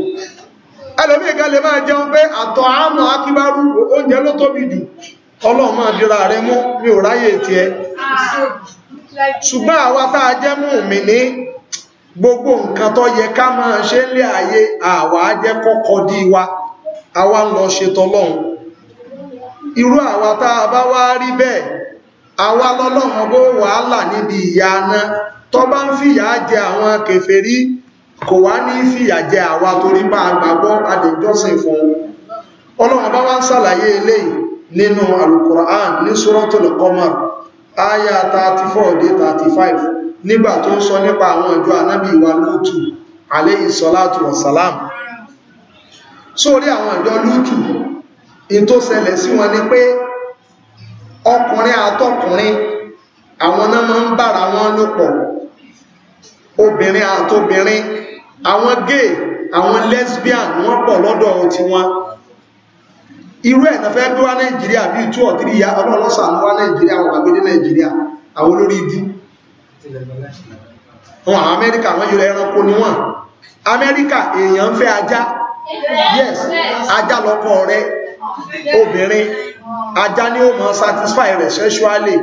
ẹlòmí ìgá lè máa jẹun pé àtọ̀ àmọ̀ akúbárú oúnjẹ ló tóbi jù ọlọ́run máa dira rẹ mú mi ò ráyè tí ẹ ṣùgbọ́n àwa tá jẹ́ mú mi ní gbogbo nǹkan tó yẹ ká máa ṣe lé ayé àwa jẹ́ kọ́kọ́ dí wa àwa ń lọ ṣe tọlọ́run irú àwa tá a bá wá rí bẹ́ẹ̀ àwa lọ́lọ́run bó wàhálà níbi ìyá náà tó bá ń fìyà jẹ àwọn kèfèrí kò wá ní fìyà jẹ àwa torí máa gbàgbọ́ adèjọ́sìn fún ọlọ́run bá wá ń sàlàyé eléyìí nínú alukura'an ní suratul Qamar aya 34 dé 35 nígbà tó ń sọ nípa àwọn ìjọ anábì wa lótù alayhi salatu wasalam sórí àwọn ìjọ lótù in tó ṣẹlẹ̀ sí wọn ni pé ọkùnrin àtọkùnrin àwọn náà máa ń bára wọn lòpọ̀ obìnrin àtobìnrin àwọn gay àwọn lesbian wọ́n pọ̀ lọ́dọ̀ ti wọn irú ẹ̀ náà fẹ́ gbé wá nàìjíríà bíi two or three ya ọlọ́ọ̀lọ́sà ló wá nàìjíríà àwọn àgbédé nàìjíríà àwọn olórí ibú wọn àwọn amẹ́ríkà wọ́n yọ ẹranko ni wọ́n amẹ́ríkà èèyàn ń fẹ́ ajá yes ajá lọ́kọ rẹ̀ obìnrin ajá ni ó mọ satisfy rẹ̀ sexually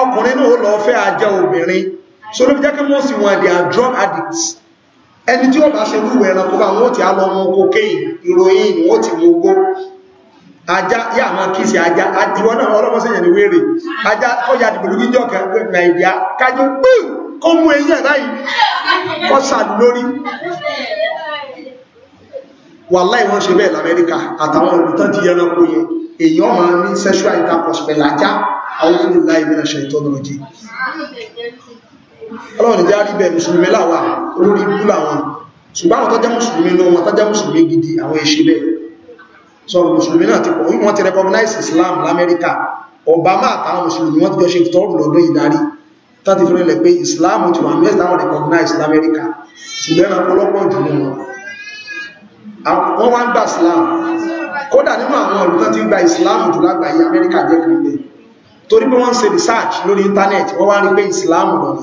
ọkùnrin náà ó lọ fẹ́ ajá obìnrin so ló fi jẹ́ kí wọ́n sì wọ́n they are drug addicts ẹni tí ó bá ṣe rúwẹ̀ ẹranko bá wọ́n ti á lọ wọn cocaine ìròyìn wọ́n ti mú ogó ajá yà máa kí sí ajá àdìwọ́n náà ọlọ́pọ̀ sí ìyẹn ni wéèrè ajá ọjà dìbòlù gíjọ́ kan nàìjíríà kájú pé kó mú eyín ẹ̀ báyìí kọ́ sàdù lórí wàláì wọ́n ṣe bẹ́ẹ̀ lamẹ́ríkà àtàwọn olùtọ́ ti yẹn lọ́pọ̀ yẹn èyàn máa ní sexual intercourse pẹ̀lú ajá àwọn olùláì mìíràn ṣe ìtọ́nà ọjẹ́ ọlọ́run ní járí bẹ̀ mùsùlùmí láwà olórí ibú làwọn ṣùgbọ́n àwọn tọ́já mùsùlùmí náà wọn tọ́já mùsùlùmí gidi àwọn èṣe bẹ́ẹ̀ sọ mùsùlùmí náà ti pọ̀ wọ́n ti recognize Islam l'Amẹ́ríkà Obama àtàwọn mùsùlùmí wọ́n ti jọ ṣe ìtọ́rù lọ́dún ìdarí tàbí fún ilẹ̀ pé Islam ti wà mẹ́sì táwọn recognize l'Amẹ́ríkà ṣùgbọ́n ọ̀pọ̀lọpọ̀ jù nínú wọn wá ń gba Islam kódà nínú àwọn olùtọ́ ti ń gba Islam jù lágbàáyé Amẹ́ríkà jẹ́ kìrìlẹ̀ torí pé wọ́n ń ṣe research internet wọ́n wá rí pé Islam lọ́nà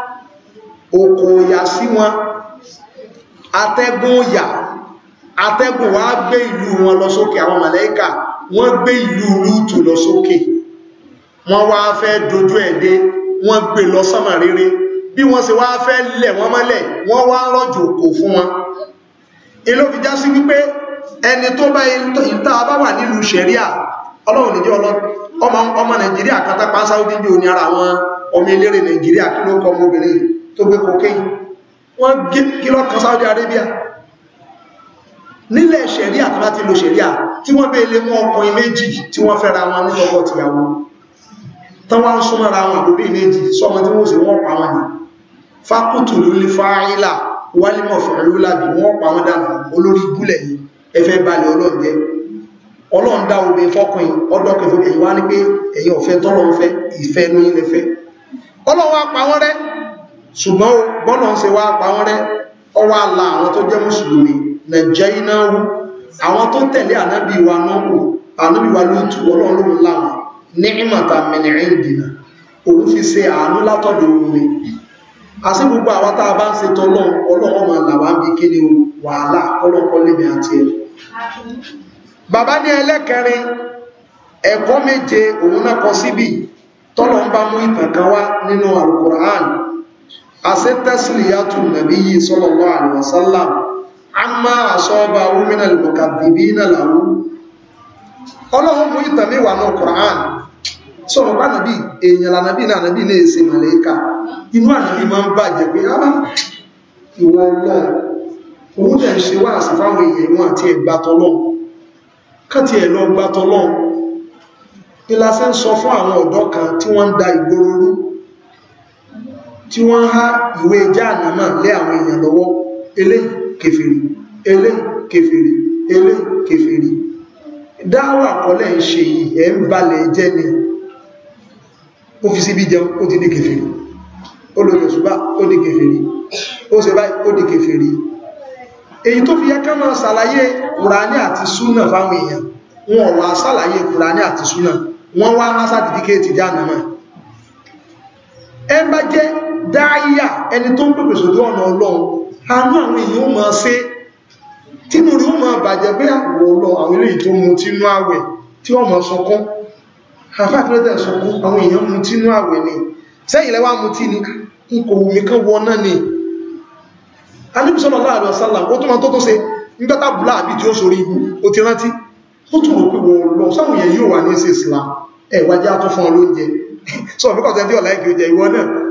oko òyà sí wọn atẹ́gùn òyà atẹ́gùn wá gbé ìlú wọn lọ sókè àwọn màláíkà wọ́n gbé ìlú lútù lọ sókè wọ́n wá fẹ́ dojú ẹ̀dẹ́ wọ́n gbé lọ sánmà rere bí wọ́n ṣe wá fẹ́ lẹ̀ wọ́n mọ́lẹ̀ wọ́n wá rọ̀jò òkò fún wọn ilé òfin já sí wípé ẹni tó bá ìta bá wà nílùú sẹ̀ríà ọlọ́run níjẹ́ ọmọ nàìjíríà kan sáwọ́dí ní ara àwọn ọmọ eléré nàìjíríà kí ló kọ́ ọmọbìnrin tó gbé cocaine wọ́n kílọ̀ kan Saudi Arabia nílẹ̀ ṣẹ̀ríà tó láti lo ṣẹ̀ríà tí wọ́n bèèlé mọ́ ọkùnrin méjì tí wọ́n fẹ́ra wọn ní ọkọ tìyàwó tán wá ń súnmọ́ra wọn lórí méjì sọmọ tí wọ́n sì wọ́n pa wọn ní fákútù lórí fáìlà wálímọ̀ fẹ̀rẹ̀ lábì wọ́n pa wọn dànù olórí gúlẹ̀ yìí ẹfẹ́ balẹ̀ ọlọ́ọ̀jẹ́ ọlọ́run dá omi fọ́kùnrin ọdọ́kùn fún ẹ̀yìn wá ní pé ẹ̀yìn ọ̀fẹ́ tọ́lọ́ ń fẹ́ ìfẹ́ ní ilẹ̀ fẹ́ ọlọ́run á pa wọ́n rẹ́ ṣùgbọ́n bọ́nà ṣe wá pa wọ́n rẹ́ ọwọ́ àlà àwọn tó jẹ́ mùsùlùmí nàìjẹ́ iná wú àwọn tó tẹ̀lé ànábì wa nọ́wọ́ ànábì wa ló tú ọlọ́run lóhun láwọn ní a bá ń ṣe tọ́lọ́ ọlọ́run ni wàhálà ọlọ́kọ́ lèmi àti ẹ̀ bàbá ní ẹlẹ́kẹrin ẹ̀kọ́ méje òun náà kọ síbì tọ́lọ́ ń bá mú ìtàn wá nínú al àṣẹ tasliyatu nabiyyi sallallahu alaihi wasallam amma asaba min al-mukaththibina lahu ọlọ́run mú ìtàmí wà náà Qur'an sọ̀rọ̀ bá nàbí èèyàn lànàbí náà nàbí náà èsè màlẹ́kà inú ànàbí máa ń bàjẹ́ pé á ah, ìwọ ọlọ́run òun dẹ̀ ṣe wá àsì fáwọn èèyàn àti ẹ̀gbà káti ẹ̀ lọ gbà sọ fún àwọn ọ̀dọ́ kan tí wọ́n da ìgboro rú tí wọ́n há ìwé jáànàmà lé àwọn èèyàn lọ́wọ́ eléyìí kèfèrí eléyìí kèfèrí eléyìí kèfèrí dáwà kọ́lẹ̀ ń ṣe ẹ̀ ń balẹ̀ jẹ́ ni ó fi síbí jẹun ó ti di kèfèrí ó lọ yọ̀sùbá ó di kèfèrí ó ṣe báyìí ó di kèfèrí èyí tó fi yẹ ká máa ṣàlàyé kùránì àti súnà fáwọn èèyàn wọn ò wá kùránì àti súnà wọn wá rán sáàtìfíkẹ́ẹ̀tì jáànàmà ẹ bá jẹ́ dáyà ẹni tó ń pèpè sójú ọ̀nà ọlọ́run àánú àwọn èèyàn ó máa ṣe tínú rí ó máa bàjẹ́ àwọ̀ àwọn eléyìí tó mu tínú àwẹ̀ tí wọ́n máa sọkún sọkún èèyàn ni sẹ́yìn lẹ́wà mu tí ni n kò wọ náà ni láàrin ó tó máa tó tó tí ibu ó ti rántí ó tún rò pé wọ́n lọ sáwọn èèyàn yóò wà ní Islam ẹ̀wájá fún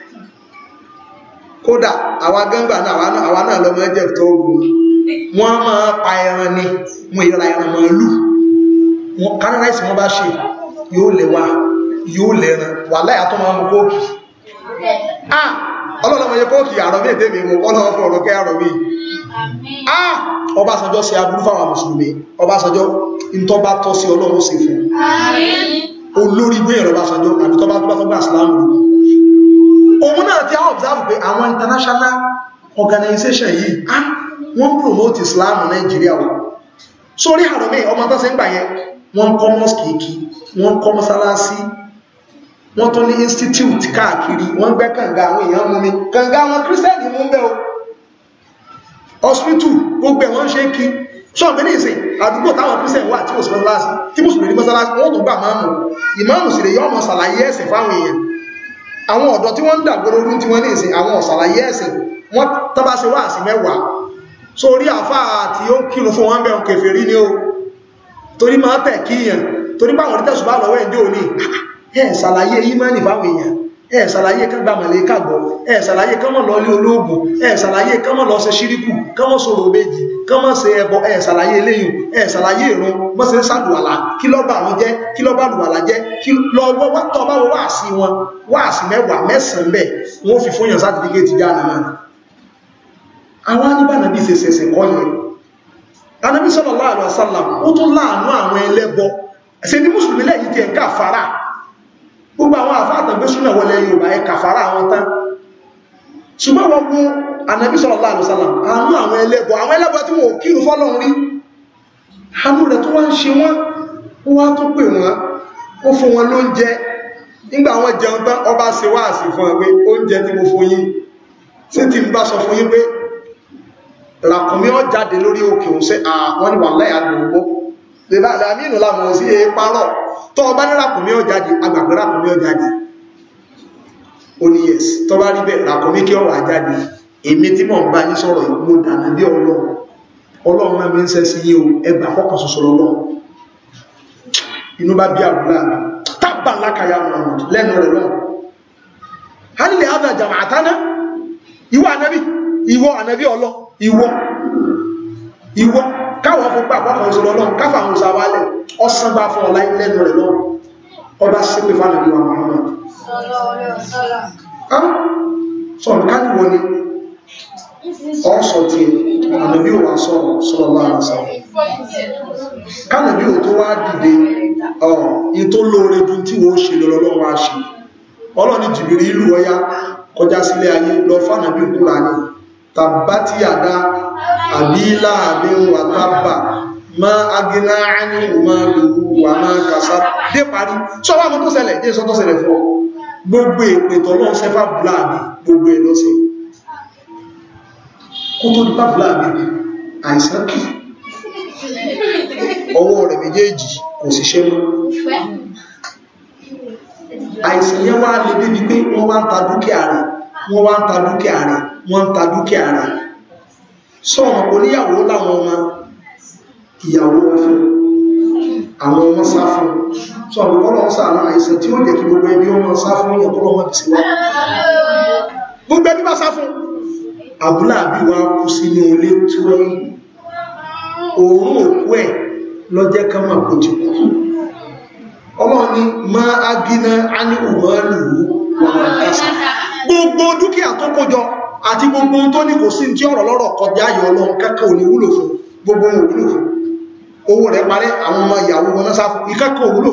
kódà àwa gángbà náà àwa náà lọmọ ẹjẹ tó gùn wọn máa pa ẹran ni wọn ìra ẹran màálù wọn kánáláìsì wọn bá ṣe yóò lẹ́wà yóò lẹ́ran wà láyà tó máa mú kóòkì ah ọlọ́lọ́mọ yẹ kóòkì àrọ̀ èdè mi mú ọlọ́wọ́ fún ọ̀rọ̀ kẹ́ ah Ọbásanjọ́ ṣe aburú fáwọn mùsùlùmí ntọ́ba tọ́ sí òun náà ti observe pé àwọn international organization yìí a, wọ́n promote Islam Nàìjíríà o sórí àrùn mi ọmọ tó ṣe ń gbà yẹn wọ́n kọ́ mọ́sìkìkì wọ́n kọ́ mọ́sálásí wọ́n tó ní institute káàkiri wọ́n gbẹ́ kànga àwọn èèyàn mú mi kànga àwọn kírísítẹ́nì mú bẹ́ o hospital gbogbo ẹ̀ wọ́n ṣe kí ṣọ́ọ̀bẹ̀ ní ìsìn àdúgbò táwọn kírísítẹ́nì wà tí mùsùlùmí mọ́sálásí wọ́n tó gbà máàmù ìmáàmù sì lè yọ ọmọ ṣàlàyé ẹ̀sìn fáwọn èèyàn àwọn ọ̀dọ́ tí wọ́n ń dàgbòrò orú tí wọ́n ní ìsìn àwọn ọ̀sàlàyé ẹ̀sìn wọ́n tọ́bá ṣe wáàsí mẹ́wàá so orí àfáà tí ó kírun fún wọn bẹ̀rùn kèfèrí ní o torí máa tẹ̀ kíyàn torí báwọn onítẹ̀sùbá lọ́wọ́ ẹ̀dẹ́ òní ẹ̀ ah, ah, ṣàlàyé ìmánì fáwọn èèyàn ẹ ṣàlàyé kán gba màlẹ́kà gbọ́ ẹ ṣàlàyé kán mọ̀ lọ ilé olóògùn ẹ ṣàlàyé kán mọ̀ lọ ṣe ṣíríkù kán mọ̀ sọ̀rọ̀ méjì kán mọ̀ ṣe ẹbọ ẹ ṣàlàyé eléyìí ẹ ṣàlàyé ìrun mọ̀ ṣe ń ṣàlùwàlà kí ló bá àwọn jẹ́ kí ló bá lùwàlà jẹ́ kí lọ wọ́ wá tọ́ bá wọ wáàsí wọn wáàsí mẹ́wàá mẹ́sàn-án bẹ́ẹ̀ wọ́n fi fún yàn sátifíkẹ́tì jáde náà àwọn aníbànà bí ṣe ṣẹ̀ṣẹ̀ kọ́ yẹn anábì sallallahu alaihi wasallam ó tún láàánú àwọn gbogbo àwọn àfáàtàn gbé súnà wọlé Yorùbá ẹ kàfàrà àwọn tán ṣùgbọ́n wọ́n wo ànàbí sallallahu alaihi wasallam àánú àwọn ẹlẹ́bọ̀ àwọn ẹlẹ́bọ̀ tí wọ́n kírù fọ́lọ́run rí àánú rẹ̀ tó wá ń ṣe wọ́n ó wá tó pè wọ́n ó fún wọn lóúnjẹ nígbà wọn jẹun tán ọba ṣe wá àsì fún ẹ pé oúnjẹ tí mo fún yín sí ti ń bá sọ fún yín pé ràkùnmí ọ jáde lórí òkè òun ṣe àwọn ìwà láyà lòógbó lè bá àmì ìnù láwọn sí èé parọ́ tọ́ ọba ní ràkúnmí ọ̀jáde agbàgbé ràkúnmí ọ̀jáde ó ní yes tọ́ bá rí bẹ́ẹ̀ ràkúnmí kí ọ̀rọ̀ àjáde èmi tí mò ń bá yín sọ̀rọ̀ yìí mo dànù bí ọlọ́run ọlọ́run náà mi ń sẹ́ sí yé o ẹgbà fọ́kàn ṣoṣo lọ́lọ́run inú bá bí àbúrò àbí tábà lákàyà ọ̀run lẹ́nu rẹ̀ lọ́run hálìlẹ̀ àdàjàmà àtàná ìwọ ànábì ìwọ ànábì ọlọ ìwọ ìwọ káwọn fún pàpà kan sí lọ́lọ́ káfà àwọn sàwálẹ̀ ọsán bá fún ọlá lẹ́nu rẹ̀ lọ́wọ́ ọba sípè fún àlejò àwọn ọmọ sọ̀rọ̀ ká nìwọ ni ọ̀sọ̀ tí ànàbí ò wá sọ̀rọ̀ sọ̀rọ̀ bá wà sọ̀rọ̀ kánàbí ò tó wá dìde ọ̀ tó lóore ju tí wọ́n ṣe lọ́lọ́wọ́ wa ṣe ọlọ́ni jìbìrì ìlú ọya kọjá sílé ayé lọ fánàbí kúrà ní tàbátì àdá àbí láàbí wà tábà ma agina ani ma lòrú wà máa kàsá dé parí sọ́wọ́ àmọ́ tó ṣẹlẹ̀ jẹ́ sọ́tọ́ ṣẹlẹ̀ fún ọ gbogbo èpè tọ́lọ́ sẹ́fà bláàbí gbogbo ẹ̀ lọ́sẹ̀ kó tó dípá bláàbí àìsàn kìí ọwọ́ rẹ̀ méjèèjì kò sì se mọ́ àìsàn yẹn wá lè débi pé wọ́n wá ń ta dúkìá rẹ̀ wọ́n wá ń ta dúkìá rẹ̀ wọ́n ń ta dúkìá rẹ̀ sọ́ọ̀mọ̀ oníyàwó láwọn ọmọ ìyàwó wọn fún àwọn ọmọ sá fún sọ́ọ̀mọ̀ kọ́lọ̀ sàánà àìsàn tí ó jẹ́ kí gbogbo ẹbí ọmọ sá fún yẹn kọ́lọ̀ wọn ti wá gbogbo ẹbí bá sá fún àbúlà bí wa kú sínú ilé tí wọ́n òun òkú ẹ̀ lọ́jẹ́ kan máa kò ti kú ọlọ́ni máa ágínà á ní òmọ́ lùú wà máa kásà gbogbo dúkìá tó kójọ àti gbogbo tó ní kò sí tí ọ̀rọ̀ lọ́rọ̀ kọjá yọ ọlọ́run kẹ́kẹ́ ò wúlò fún gbogbo wọn wúlò fún owó rẹ̀ parẹ́ àwọn ọmọ ìyàwó wọn náà ìkẹ́kẹ́ ò fún ó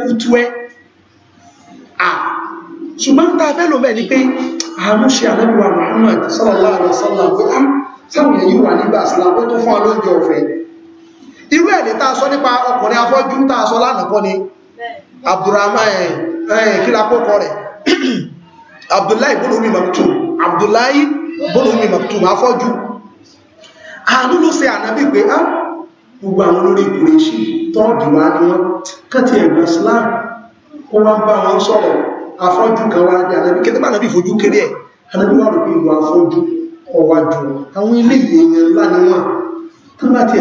kú tú ẹ́ à ṣùgbọ́n tá a fẹ́ lò bẹ́ẹ̀ pé àánú ṣe àlẹ́bíwá Muhammad sallallahu alaihi wasallam ah, a sọ nípa ọkùnrin a sọ lánàá kọ́ abdullahi bọ́lù omi abdullahi bọ́lù omi maktum afọ́jú àánú ló ṣe ànábì pé á ah, gbogbo àwọn olórí ìkùnrin ṣe tọ́ọ̀dì wá ní wọn kàtí ẹ̀gbọ́n islam ó wá ń bá wọn sọ̀rọ̀ afọ́jú kan wá ní ànábì kẹtẹ́ bá ànábì fojú kéré ẹ̀ ànábì ni wọn tó bá ti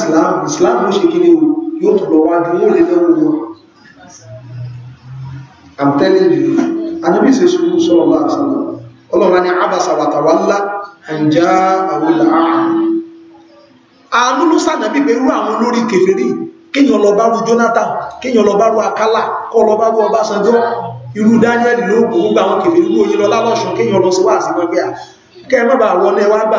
islam islam ó ṣe kéré o yóò tọ̀lọ̀ I'm telling you anábì ṣe sùúrù sallallahu alaihi wasallam ọlọ́run ni abasa wa tawalla ẹ̀njá àwòlà àánú ló sànàbí pé irú àwọn olórí kèfèrí kéèyàn lọ bá rú Jonathan kéèyàn lọ bá Akálà kọ́ lọ bá Ọbásanjọ́ irú Daniel ló kò gbogbo àwọn kèfèrí ló yí lọ lálọ́ṣọ́ kéèyàn lọ sí wà sí wọn pé à kẹ́ mọ́ bá wọlé wá gbà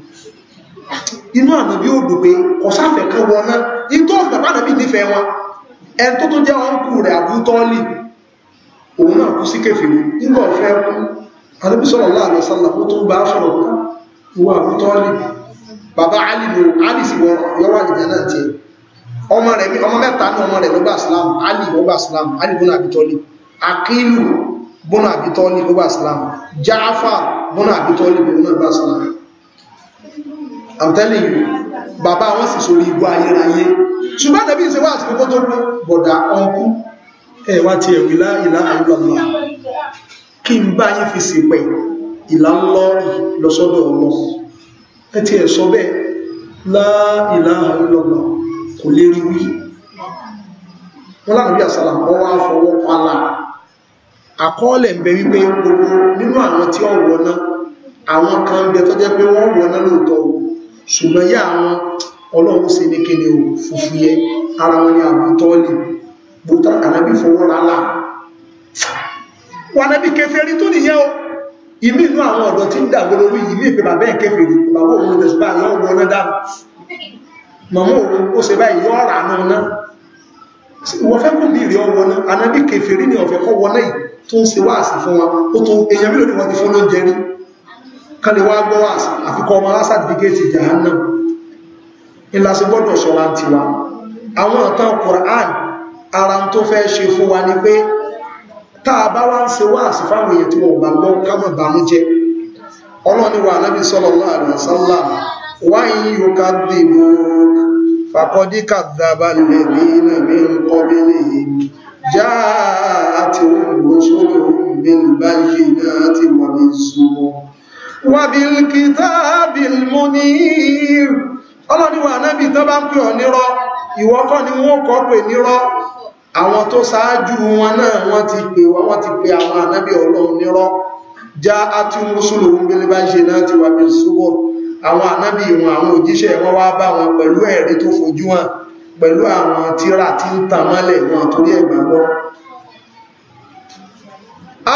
inú ànàbí ò dùn pé kò sáfẹ́ kan wọn náà in tó fìgbà ànàbí nífẹ̀ẹ́ wọn ẹni tó tó jẹ́ ọ̀nkù rẹ̀ àbútọ́ọ̀lì òun náà kú sí kẹfìrí nígbà ọ̀fẹ́ kú ànàbí sọ̀rọ̀ láàrin sálà ó tó bá sọ̀rọ̀ kú wọ àbútọ́ọ̀lì bàbá alì ló alì sì wọ yọwọ́ àjẹjẹ náà tiẹ̀ ọmọ rẹ̀ ọmọ mẹ́ta ní ọmọ rẹ̀ ló gbà Islam alì ló gbà Islam alì bọ́nà àbítọ́ọ̀lì akílù bọ́nà àbítọ́ọ̀lì ló gbà Islam jáfà bọ́nà àbítọ́ọ̀lì ló gbà Islam i'm telling you bàbá wọn sì sórí igbó ayérayé ṣùgbọ́n tẹ̀bí ìṣe wà àsìkò kó tó pé bọ̀dà ọkú ẹ̀ wá ti ẹ̀wì lá ìlà àìlọ́lá kí n bá yín fi ṣèpẹ̀ ìlà ńlọrì lọ́sọ́dọ̀ ọmọ ẹ ti ẹ̀ sọ bẹ́ẹ̀ lá ìlà àìlọ́lá kò lè rí wí wọn láti bí àsàlà wọn wá fọwọ́ pala àkọọ́lẹ̀ ń bẹ wípé gbogbo nínú àwọn tí ó wọná àwọn kan bẹ tó jẹ́ pé wọ́n wọná lóòótọ́ òun ṣùgbọ́n yá àwọn ọlọ́run ṣe ní kéde o fùfú yẹ ara wọn ni àbútọ́ọ̀lì bóta kànábí fọwọ́ lálà wà nábí kẹfẹ́rí tó nìyẹn o ìmí inú àwọn ọ̀dọ́ tí ń dàgbò lórí ìmí ìpè bàbá ẹ̀ kẹfẹ́rí bàbá òun lóṣù bá yọ ọgbọ́n náà dáa mọ̀mọ́ òun ó ṣe báyìí yọ ọ̀rà náà náà wọ́n fẹ́ kó bí ìrì ọwọ́ náà anábí kẹfẹ́rí ni ọ̀fẹ́ kọ́ wọ tó ń ṣe wáàsì fún wa ó tó èèyàn mélòó ni wọ́n ti fún lóúnjẹ rí kan lè wá gbọ́ wá àfikọ́ ọmọ wá sàtìfíkẹ́tì jahannam ìlà sí gbọ́dọ̀ ṣọ́ra tiwa àwọn ọ̀tán Qur'an ara tó fẹ́ ṣe fún wa ni pé táà bá wá ń ṣe wá sí fáwọn èèyàn tí wọ́n bá gbọ́ kámọ̀ bàmújẹ́ ọlọ́ni wà nábì sallallahu in yukadhibuk faqad kadhaba alladhina min qablihim ja'atuhum rusuluhum bil bayyinati wàbíl kìtàbíl munir ọlọ́niwà náàbì tó bá ń pè ọ nírọ́ ìwọ́kọ́ ni wọ́n kọ́ pè nírọ́ àwọn tó ṣáájú wọn náà wọ́n ti pè wọ́n wọ́n ti pè àwọn ànábì ọlọ́run nírọ́ já àti mùsùlù gbélébá ṣe náà ti wà bí ṣúgbọ́ àwọn ànábì wọn àwọn òjíṣẹ́ wọn wá bá wọn pẹ̀lú ẹ̀rí tó fojú wọn pẹ̀lú àwọn tíra tí ń tàn mọ́lẹ̀ wọn torí ẹ̀gbàgbọ́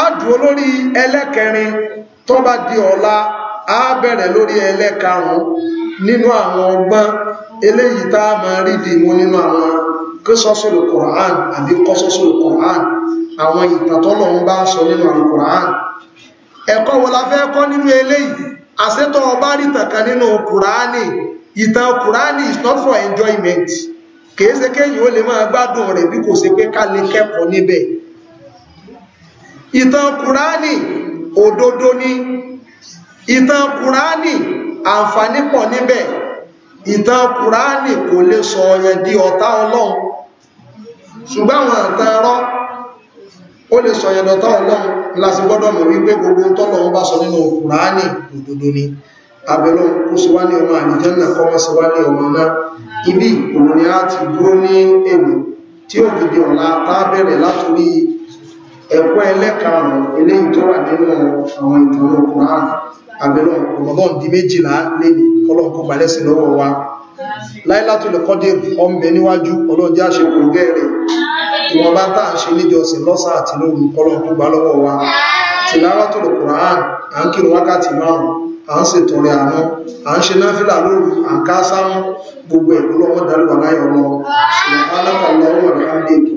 á dúró lórí ẹlẹ́kẹrin tó bá di ọ̀la a bẹ̀rẹ̀ lórí ẹlẹ́karùn-ún nínú àwọn ọgbọ́n eléyìí tá a máa rí dìmú nínú àwọn kíṣọ́sùlù Qur'an àbí kọ́sọ́sùlù Qur'an àwọn ìtàtọ́lọ̀ ń bá sọ nínú àwọn Qur'an ẹ̀kọ́ wo la fẹ́ kọ́ nínú eléyìí àṣetọ́ ọba rí tàkà nínú Qur'ani ìtàn Qur'ani is not for enjoyment kìí ṣe kéyìn ó lè máa gbádùn rẹ̀ bí kò ṣe pé ká lè kẹ́kọ̀ọ́ níbẹ̀ ìtàn Qur'ani òdodo ni ìtàn kùránì àǹfààní pọ̀ níbẹ̀ ìtàn kùránì kò lè sọ ọ̀yàn di ọ̀tá ọlọ́run ṣùgbọ́n àwọn àtàn ẹ̀rọ ó lè sọ ọ̀yàn dọ̀tá ọlọ́run láti gbọ́dọ̀ mọ̀ wípé gbogbo tọ́lọ́run bá sọ nínú kùránì òdodo ni abẹ́lọ́ kó sí wá ní ọmọ àlìjẹ́nà kọ́ wá sí wá ní ọmọ náà ibi òun ni a ti dúró ní èmi tí ó dìde ọ̀la tá bẹ̀rẹ̀ látòrí ẹ̀kọ́ ẹlẹ́karùn-ún eléyìí tó wà nínú àwọn ìtàn Qur'an àbẹ̀lọ́ Ramadan di méjìlá lẹ́ni ọlọ́ọ̀kọ́ balẹ̀sì lọ́wọ́ wa Lailatul Qadr ọmọbẹ̀ níwájú ọlọ́jẹ́ àṣepọ̀ gẹ́rẹ̀ ìwọ̀n bá tàà ṣe níjọsìn lọ́sà àti lóru ọlọ́ọ̀kọ́ gbà lọ́wọ́ wa Tilawatul Qur'an à ń kírun wákàtí márùn à ń ṣètọrẹ àánú à ń ṣe náfìlà lóru à ń ká sámú gbogbo ẹ̀kú lọ́wọ́ darí wà láyọ̀ lọ ṣùgbọ́n alákọ̀ọ́lọ́wọ́ rẹ̀ á dé ètò